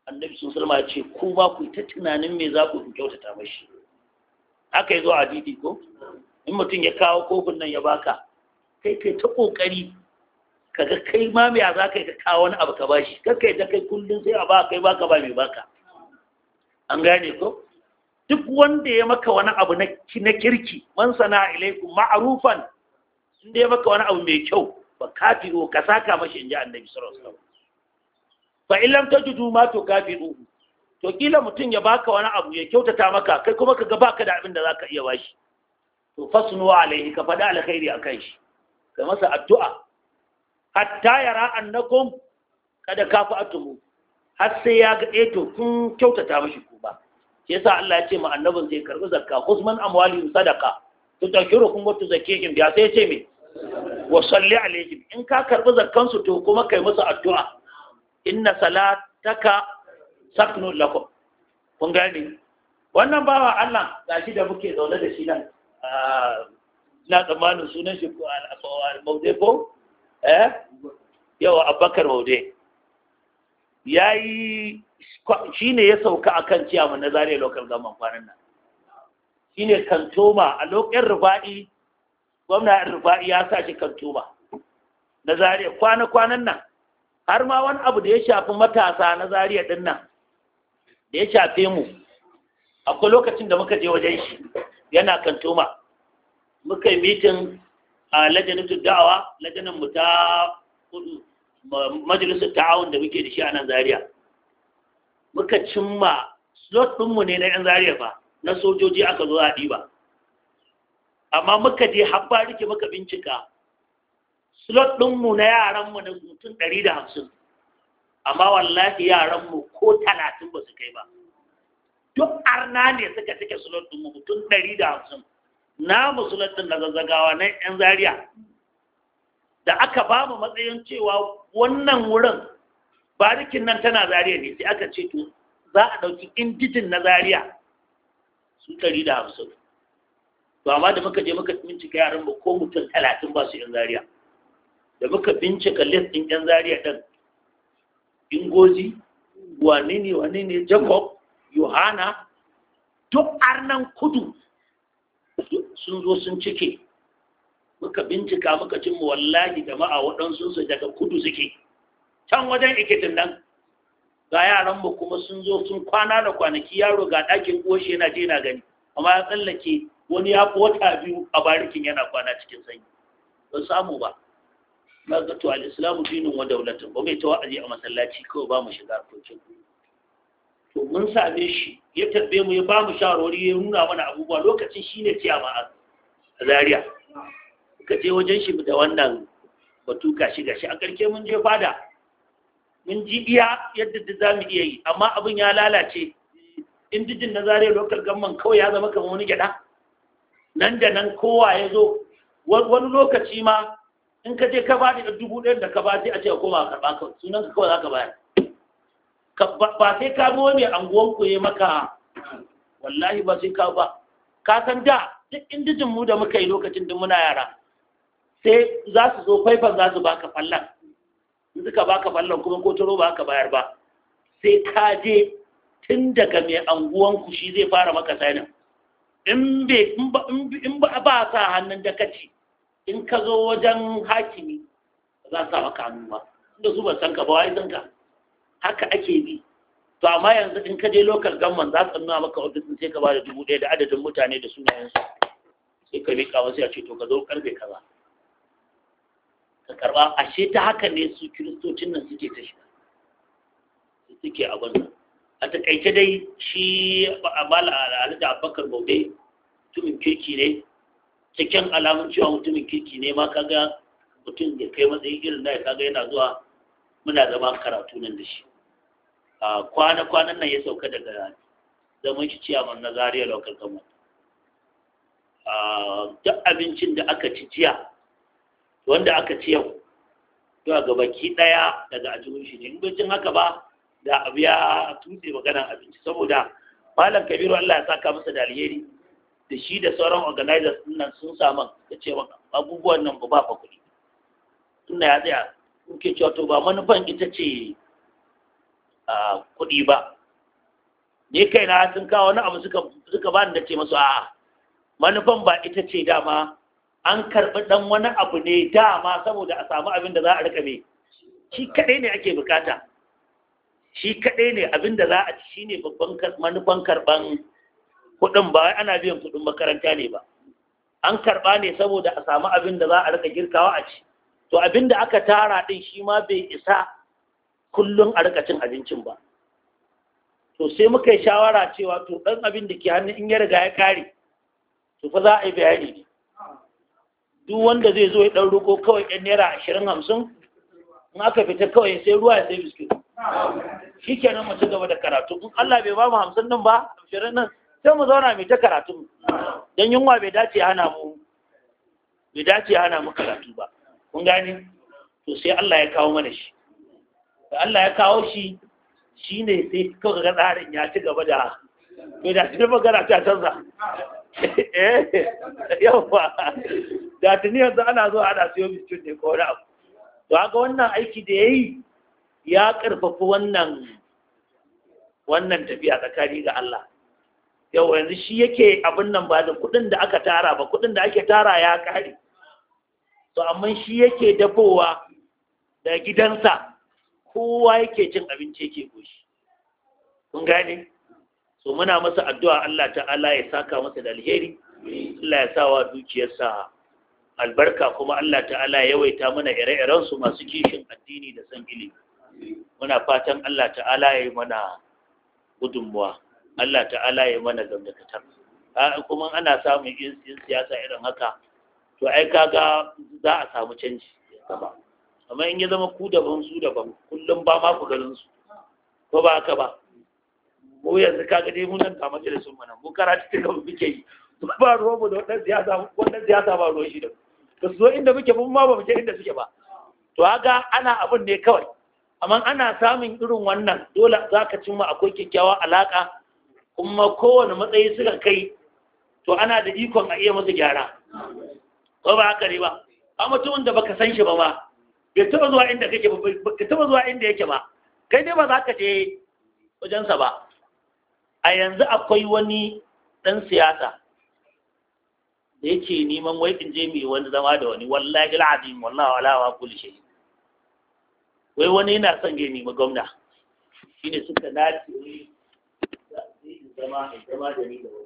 annabi sun salma ce ku ba ku ta tunanin me za ku kyautata mashi haka yazo a didi ko in mutum ya kawo kofin nan ya baka kai kai ta kokari kaga kai ma me za ka yi ka kawo wani abu ka bashi Kar ka yi yadda kai kullum sai a ba kai baka ba mai baka an gane ko duk wanda ya maka wani abu na kirki man sana ilaikum ma'rufan inda ya maka wani abu mai kyau fa kafiru ka saka mashi inji annabi sallallahu alaihi wasallam fa in lam tajidu ma to kafiru to kila mutum ya baka wani abu ya kyautata maka kai kuma ka kaga baka da abin da zaka iya bashi to fasnu alaihi ka fada alkhairi akan shi ka masa addu'a hatta yara annakum kada kafa atuhu har sai ya ga eto kun kyautata mashi ku ba shi sa Allah ya ce ma annabin zai karbi zakka husman amwalihim sadaqa wata wa in biya sai ya ce me wa salli lejin. in ka karɓi zakkan to kuma kai musu addu'a inna salataka saknun lako, kun gane wannan bawa Allah gashi da muke zaune da shi nan na tsammanin sunan shi ko al-mawdai eh yawa abubakar maude ya yi shi ne ya sauka a kan ciyaman na zariya lokal gaman kwanan nan shi ne kantoma a lokacin rufa'i gwamna rufa'i ya sa shi kantoma na zariya kwana-kwanan nan har ma wani abu da ya shafi matasa na zariya din nan da ya shafe mu akwai lokacin da muka je wajen shi yana kantoma muka yi mitin a lajanatu da'awa lajanin mu ta majalisar ta'awun da muke da shi a nan Zariya. muka cimma slot ɗinmu ne na 'yan Zariya ba na sojoji aka zo a ba. amma muka je habba rike muka bincika slot ɗinmu na yaranmu na mutum ɗari da hamsin amma wallahi yaranmu ko talatin ba su kai ba duk arna ne suka cike slot ɗinmu mutum ɗari da hamsin na musulantin na zazzagawa na yan zaria da aka ba mu matsayin cewa wannan wurin barikin nan tana Zariya ne sai aka ce to za a ɗauki indijin na Zariya. su ɗari da hamsin to amma da muka je muka bincika yaran mu ko mutum talatin ba su yan Zariya, da muka bincika list ɗin yan zariya ɗin ingozi wane ne wane ne jacob yohana duk arnan kudu sun zo sun cike muka bincika muka cin wallahi jama'a waɗansu su daga kudu suke can wajen ikitin nan ga yaran mu kuma sun zo sun kwana da kwanaki yaro ga ɗakin uwashi yana je na gani amma ya tsallake wani ya fi wata biyu a barikin yana kwana cikin sanyi ba samu ba na ga to al'islamu dinin wa daulatin ba mai ta wa'azi a masallaci kawai ba mu shiga harkokin to mun same shi ya tarbe mu ya ba mu shawarwari ya nuna mana abubuwa lokacin shi ne ciyama a Zariya. ka je wajen shi da wannan batu shiga gashi a ƙarke mun je fada mun ji iya yadda da za mu iya yi amma abin ya lalace indijin na Zariya lokal gamman kawai ya zama kamar wani gyada nan da nan kowa ya zo wani lokaci ma in ka je ka ba da dubu ɗaya da ka ba sai a ce ka koma a karɓa kawai sunan ka kawai za ka bayar ba sai ka zo mai anguwan ku ya maka wallahi ba sai ka ba ka san da duk indijin mu da muka yi lokacin da muna yara sai za su zo faifan za su baka fallan in suka baka fallan kuma ko turo ba ka bayar ba sai ka je tun daga mai anguwan ku shi zai fara maka sanin in ba ba sa hannun da kaci in ka zo wajen hakimi za su maka hannu ba inda su ba san ka ba wai san ka haka ake bi to amma yanzu in ka je local government za su nuna maka office sai ka ba da dubu ɗaya da adadin mutane da sunayen su sai ka miƙa wasu ya ce to ka zo karfe kaza ka karɓa ashe ta haka ne su kiristocin nan suke ta shiga suke abin nan a takaice dai shi abala alhaji abubakar bauɗe mutumin kirki ne cikin alamun cewa mutumin kirki ne ma kaga mutum ya kai matsayin irin da ya kaga yana zuwa muna zama karatu nan da shi kwana-kwanan nan ya sauka daga zaman shi ciyaman na zariya local government duk abincin da aka ci jiya wanda aka ci yau to a ki daya daga ajiyun shi ne in jin haka ba da abu ya tutse maganar abinci saboda malam kabiru allah ya saka masa da alheri da shi da sauran organizers nan sun samu da cewa abubuwan nan ba ba kuɗi tunda ya tsaya kuke cewa to ba manufan ita ce kuɗi ba ni kai na sun kawo wani abu suka suka ba da ce masu a'a manufan ba ita ce dama an karɓi ɗan wani abu ne dama saboda a samu abin da za a rika mai shi kaɗai ne ake bukata shi kaɗai ne abin da za a ci shine babban manufan karɓan kuɗin ba ana biyan kuɗin makaranta ne ba an karɓa ne saboda a samu abin da za a rika girkawa a ci to abin da aka tara ɗin shi ma bai isa kullum a rika cin abincin ba to sai muka yi shawara cewa to ɗan abin da ke hannu in ya riga ya kare to fa za a yi bayani duk wanda zai zo ya ɗan roƙo kawai ɗan naira ashirin hamsin in aka fita kawai sai ruwa ya sai biskit shi kenan mu ci gaba da karatu in Allah bai ba mu hamsin nan ba ashirin nan sai mu zauna mai ta karatu don yunwa bai dace hana mu bai dace hana mu karatu ba kun gani to sai Allah ya kawo mana shi da Allah ya kawo shi shi ne sai kawai ga tsarin ya ci gaba da to da shi magana ta canza eh yawa da tuni yanzu ana zuwa ana siyo biskit ne ko wani abu to haka wannan aiki da ya yi ya karfafi wannan wannan tafiya tsakani ga Allah yau yanzu shi yake abin nan ba da kuɗin da aka tara ba kuɗin da ake tara ya ƙare to amma shi yake dafowa da gidansa kowa yake cin abinci yake goshi kun gane so muna masa addu'a Allah ta'ala ya saka masa da alheri Allah ya sawa dukiyarsa albarka kuma Allah ta'ala ya yawaita mana ire-iren su masu kishin addini da san ilimi muna fatan Allah ta'ala ya yi mana gudunmuwa Allah ta'ala ya yi mana gamdakatar kuma ana samun yin siyasa irin haka to ai kaga za a samu canji gaba amma in ya zama ku daban su daban kullum ba ma ku ganin su ko ba haka ba mu yanzu ka dai mun nan kama da sun mana mu karatu ta mu muke yi ba ruwa mu da wannan siyasa wannan siyasa ba ruwa shi da ba so inda muke mun ma ba muke inda suke ba to haka ana abin ne kawai amma ana samun irin wannan dole za ka cimma akwai kyakkyawa alaƙa kuma kowane matsayi suka kai to ana da ikon a iya masa gyara ko ba haka ne ba amma mutumin da baka san shi ba ba. bai taba zuwa inda kake ba ka taba zuwa inda yake ba kai dai ba za ka je wajensa ba a yanzu akwai wani ɗan siyasa da yake neman wai in je mai wani zama da wani wallahi al'azim wallahi wala wa kulli shay wai wani yana son ya nemi gwamna shine suka nace zama zama da ni da wani